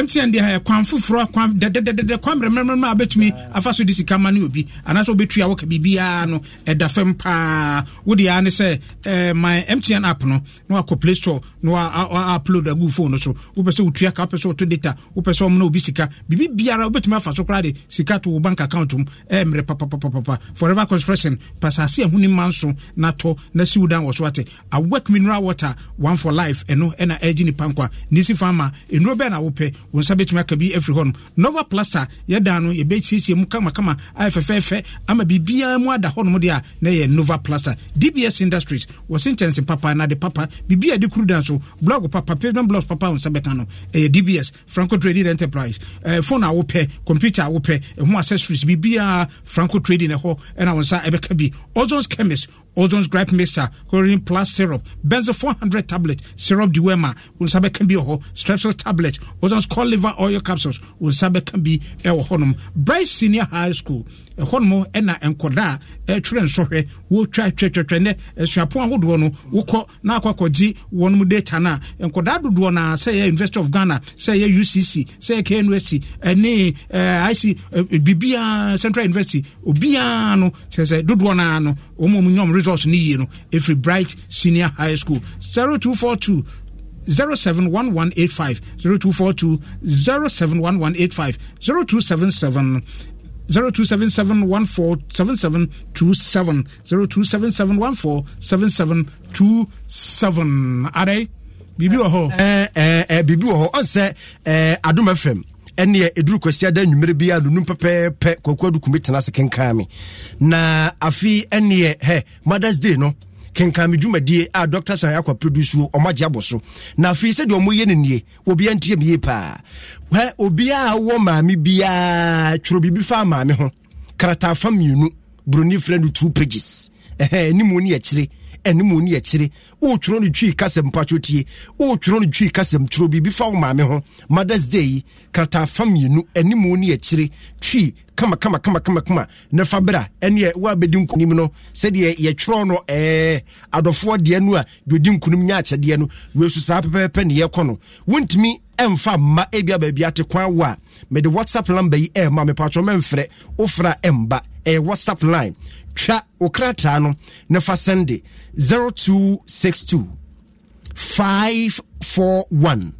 mtn deɛ ha yɛ kwan foforɔ kwan dɛdɛdɛdɛ kwan mmerɛmmerɛmmerɛmmerɛ a bɛtumi afa so de sika ma no obi anaasɛ wobɛtua woka biribiaa no ɛda fam paa wode ne sɛ ma eh, mtn app no na wakɔ play store na waupload agu phone no so wopɛ sɛ wotua ka wopɛ sɛ woto data wopɛ sɛ ɔmna obi sika biribi biara wobɛtumi afa so koraa de sika to wo bank account m ɛmmerɛ eh, papapapapa forever construction pasase ahoni ma nso na tɔ na si wo dan wɔ so ate awak mineral water one for life ɛno ɛna ɛgye nipa nkwa nisi fa ma bɛɛ na wopɛ wo nsa bɛtumi aka bi afiri hɔ nom nova plaster yɛda no yɛbɛsiesie mu kamakama ayɛ fɛfɛɛfɛ ama biribiaa mu ada hɔ nom deɛ a na yɛ nova plaster dbs industries wɔse nkyɛnse papa nade papa biribia de kuru dan so blog papa pavement blog papa wo nsa bɛka no ɛyɛ dbs franco trading enterprise uh, phone a computer a wopɛ ɛho accessories biribiaa franco trading ɛhɔ ɛna wo nsa ɛbɛka bi Ozone chemist Ozone gripe mixture chlorine plus syrup benzo 400 tablet syrup duema wema wonsa bɛka bi wɔ strepsil tablet ozone's call liver oil capsules wonsa bɛka bi wɔ hɔnom bright senior high school ɛhɔnom ɛna nkɔda a ɛtwerɛ nsɔhwɛ wɔtwa twɛtwɛtwɛ nɛ asuapɔn ahodoɔ no wokɔ na akɔakɔgye wɔnom data no a nkɔda dodoɔ no a sɛ ɛyɛ university of ghana sɛ ɛyɛ ucc sɛ ɛyɛ knusc ɛne eh, ic eh, biribiaa central university obiaa no kyerɛ sɛ dodoɔ a no ɔmɔmu nyɔm results ni yie no ɛfiri bright senior high school zero two four two 071185 0242 071185 0277 0277147727 0277147727 adai biribi wɔ hɔ eh, eh, eh, biribi wɔ hɔ ɔsɛ adom fm ɛneɛ ɛduru kwasiada nnwumerɛ bi a nonum pɛpɛɛpɛ kwaku adukumi tena se kenkan me na afei ɛneɛ hɛ mothers day no kenkan me dwumadie a dr sane akwa produsuo ɔmagye abɔ so na afei sɛdeɛ ɔmoyɛ no nie obia ntie me yie paa hɛ obiaa wɔ maame biaa twerɛ biribi fa maame ho krataa fa mmienu buroni frɛ no two pages ɛhɛ ɛnimu ne yɛkyire ɛnimu ni akyire wotwerɛ no twi kasɛm patwo tie wotwerɛ no twi kasɛm turo bi bi wo maame ho mothers day yi krataa fa mmienu ɛnimu ni akyire twi kama kama kama kama kama Ne fa bra ɛne ɛwɔ abɛdi nkunim no sɛdeɛ yɛtwerɛ no ɛɛ adɔfoɔ deɛ no a deɛ ɔdi nkunim nyɛ akyɛdeɛ no wɔsu saa pɛpɛɛpɛ ne yɛkɔ no wontumi ɛmfa mma ebia baabi ate kwan wo a whatsapp line. yi ɛɛma mepatwɔ mɛmfrɛ wofra ɛmba ɛyɛ whatsapp line twa wo krataa no na fa sɛnde 0262 541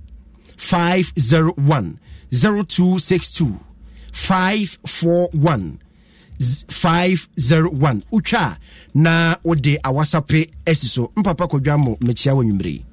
501 0262 541 501 wotwa na wode awasape asi so mpapa kwadwa mo mekyia wɔ nwummere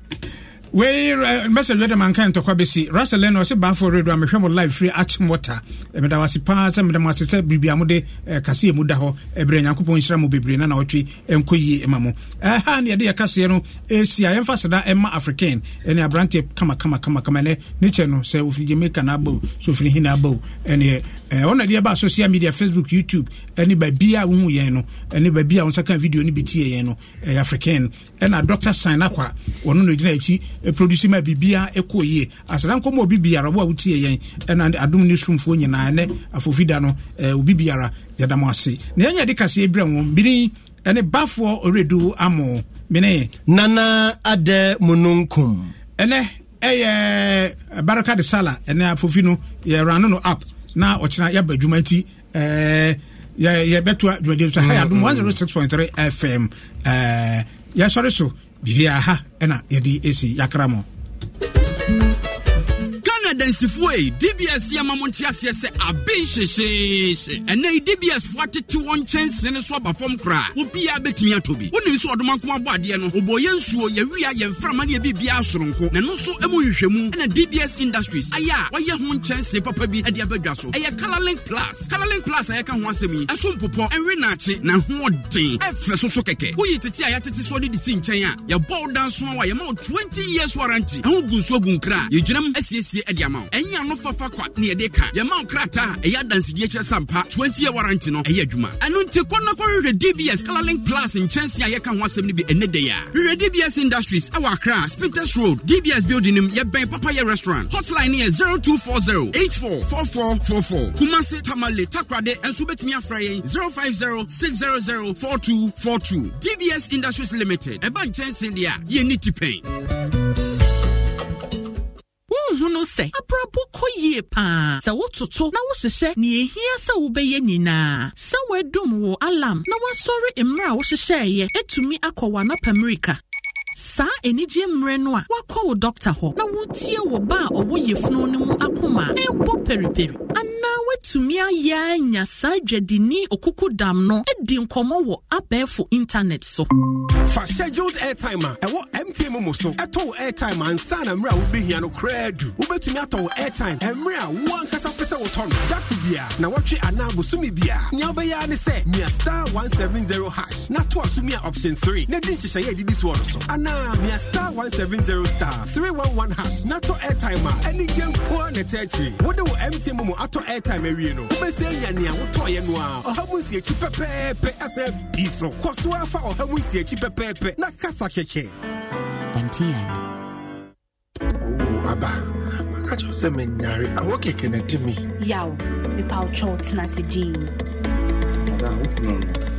wei eh, message wɛde manka ntɔkwa bɛsi russell lɛn ɔsɛ baafo radio a mehwɛ mo live firi akyem water eh, meda wase paa sɛ meda mo ase sɛ biribia mode eh, kaseɛ mu da hɔ ɛberɛ nyankopɔn nhyira mu bebree na nawɔtwe ɛnkɔ yie ma mo ha ne yɛde yɛkaseɛ no ɛsia yɛmfa seda ɛma african ɛne aberanteɛ kamakamakamakama ɛnɛ ne kyɛ no sɛ ɔfiri jamaica no abao sɛ ɔfiri hena abao ɛneɛ ɔna deɛ ɛbaa social media facebook youtube ɛne baabia wohu yɛn no ɛne baabia wo nsa ka video no bi tie yɛn no ɛyɛ african ɛna dr sign akwa ɔno no ɔgyina akyi produce ma biribia ɛkɔ yie asra nkɔmmɔ obi biara wo a wotie yɛn ɛna adom ne somfoɔ nyinaa nɛ afofida no obi biara yɛda mo ase na yɛnyɛ de kaseɛ brɛ wo mene ɛne bafoɔ ɔredu amo mene nana adɛ munonkum ɛnɛ ɛyɛ baraka de sala ɛnɛ afofi no yɛrano no app na ɔkyena yɛba adwuma nti ɛɛ yɛbɛto adwumadeɛ so ha yɛ mm, adom 106.3 fm ɛɛ yɛsɔre so biribiaa ha ɛna yɛde ɛsi yakra mɔ adansifoɔ yi dbs yɛ ma mo nte aseɛ sɛ abe hyehyeehye ɛnɛ yi dbs foɔ atete wɔn nkyɛnsee ne so aba fam koraa obiara bɛtumi atɔ bi wonim sɛ ɔdoma nkoma bɔ adeɛ no wɔbɔ yɛn nsuo yɛwia yɛn mframa ne yɛbiribia asoronko n'ano so mu nhwehwɛmu ɛna dbs industries ayɛ a wɔyɛ ho nkyɛnsee papa bi de abadwa so ɛyɛ colorlink plus colorlink plus a yɛka ho asɛm yi ɛso mpopɔ ɛnwe naakye na hoɔden ɛfɛ so so kɛkɛ woyi tete a yɛatete so de de si nkyɛn a yɛbɔ wo danso a yɛma wo 20 years warranty ɛho gu nsuo gu nkra a yɛgyinam asiesie ɛde de ama wo ɛnyɛ ano fafa kwa ne yɛde ka yɛma wo krataa a ɛyɛ adansedie kyerɛ sampa 20 yɛ warranty no ɛyɛ adwuma ɛno nti kɔ na kɔhwehwɛ dbs colorlink plus nkyɛnse a yɛka ho asɛm no bi ɛnɛ dɛ a hwehwɛ dbs industries ɛwɔ akra spinters road dbs building nim yɛbɛn papayɛ restaurant hotline ne yɛ 0240 844444 kumase tamale takrade ɛnso wobɛtumi afra four two. dbs industries limited ɛba nkyɛnse deɛ a yɛnni tipɛn nhunu sɛ abrabɔ kɔ yie paa sɛ wototo na wohyehyɛ nea ehia sɛ wobɛyɛ nyinaa sɛ woadom wo alam na woasɔre mmerɛ a wohyehyɛeɛ atumi akɔ w'anapammirika saa anigye mmerɛ no a wakɔ wo dɔkta hɔ na wotie wɔ ba a ɔwɔ yɛfunu no mu akoma a ɛbɔ periperi anaa woatumi ayɛ anya saa dwadini okuku dam no di nkɔmmɔ wɔ abɛɛfo internet so fa scheduled airtime a ɛwɔ mtm mu so ɛtɔ wo airtime ansa na mmerɛ a wobɛhia no koraa du wobɛtumi atɔ wo airtime ɛmmerɛ a wo ankasa pɛ sɛ wotɔ no dako bia na wɔtwe anaa bosome bia nea wobɛyɛ ne sɛ nia star 170 hash na to a so a option 3 na di nhyehyɛeɛ adidi soɔ no so Ghana. Mia star 170 star 311 hash. Nato airtime. Any game kwa netechi. What do MTM mo ato airtime awie no. Wobɛsɛ nya nea wotɔyɛ no a. Ɔha mu si akyi pɛpɛɛpɛ asɛ bi so. Kɔ so afa ɔha mu si akyi pɛpɛɛpɛ na kasa kɛkɛ. MTN. Oh, Aba, maka kyerɛ sɛ menyare awɔ kɛkɛ na di me. Yaw, mepa tena ase din. Hmm.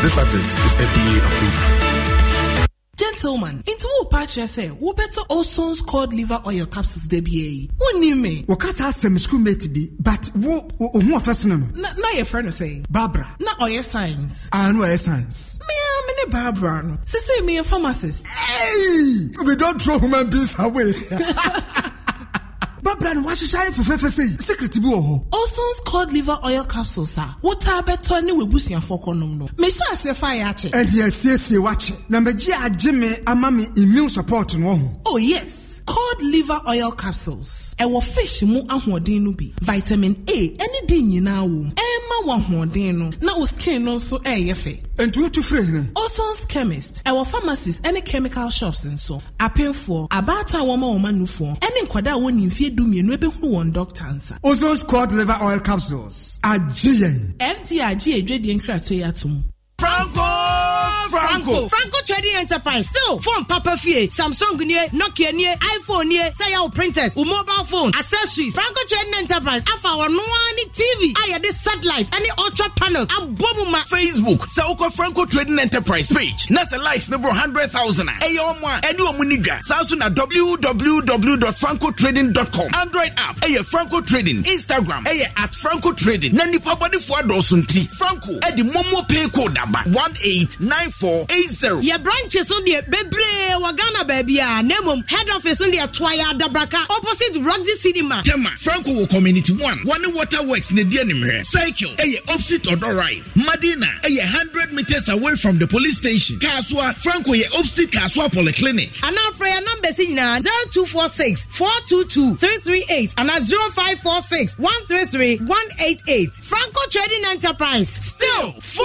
This advert is FDA approved. Gentlemen, into who patch yourself? Who better Olson's cod liver oil capsules DBA? Who knew me? Wakas has some schoolmate be, but who who a first name? Na your friend say Barbara. Na oil science. I know oil science. Me in ne Barbara no. Say say me a pharmacist. Hey, we don't throw human beings away. babra ne wahyehyɛ ayɛ fɛfɛɛfɛ sɛ secret bi wɔ hɔ olsons cod liver oil capsules a wotaa bɛtɔ ne w'abusuafoɔ kɔnom no mehyɛ aseɛ fa yɛ akyɛ ɛnti yɛsiesie wakye na magye agye me ama me immune support no wɔ ho oh yes cod liver oil capsules ɛwɔ fish mu ahoɔden no bi vitamin a ɛne d nyinaa wɔ mu ɛma wɔ ahoɔden no na o skin no nso ɛɛyɛ fɛ. ntu tu fure hene. osons chemist ɛwɔ pharmacies ɛne chemical shops nso apɛnfoɔ abaatan wɔn a wɔn anufoɔ ɛne nkwadaa a wɔn mfie du mmienu ebɛhunu wɔn doctor nsa. osons cod liver oil capsules agye yɛn. fda agye edwadie nkrataa yɛ ato mu. franco franco franco trading enterprise still phone papa fee, samsung nie nokia nie iphone nie sɛ yɛ wo printers wo mobile phone accessories franco trading enterprise afa wɔn noa tv a yɛde satellite any ultra panels abɔ ma. facebook sa wokɔ franco trading enterprise page na sɛ likes ne boro hundred thousand a ɛyɛ ɔmo a ɛne ɔmo ni dwa saa nso www.francotrading.com android app ɛyɛ franco trading instagram ɛyɛ at franco trading Nani nipa bɔdefoɔ adɔɔso nti franco ɛde momo pay code aba one eight nine four eight zero. yɛ branches no deɛ bebree wɔ ghana baabi a ah, na head office no deɛ toa yɛ adabraka opposite roxy cinema. tema franco wɔ community one wɔne water works na di anim hɛ cycle ɛyɛ opposite ɔdɔ rise madina ɛyɛ hundred meters away from the police station kaasua franco yɛ opposite kaasua polyclinic. anafra yɛ namba si nyinaa zero two four six four two two three three eight at zero five four six one three three one eight eight franco trading enterprise still.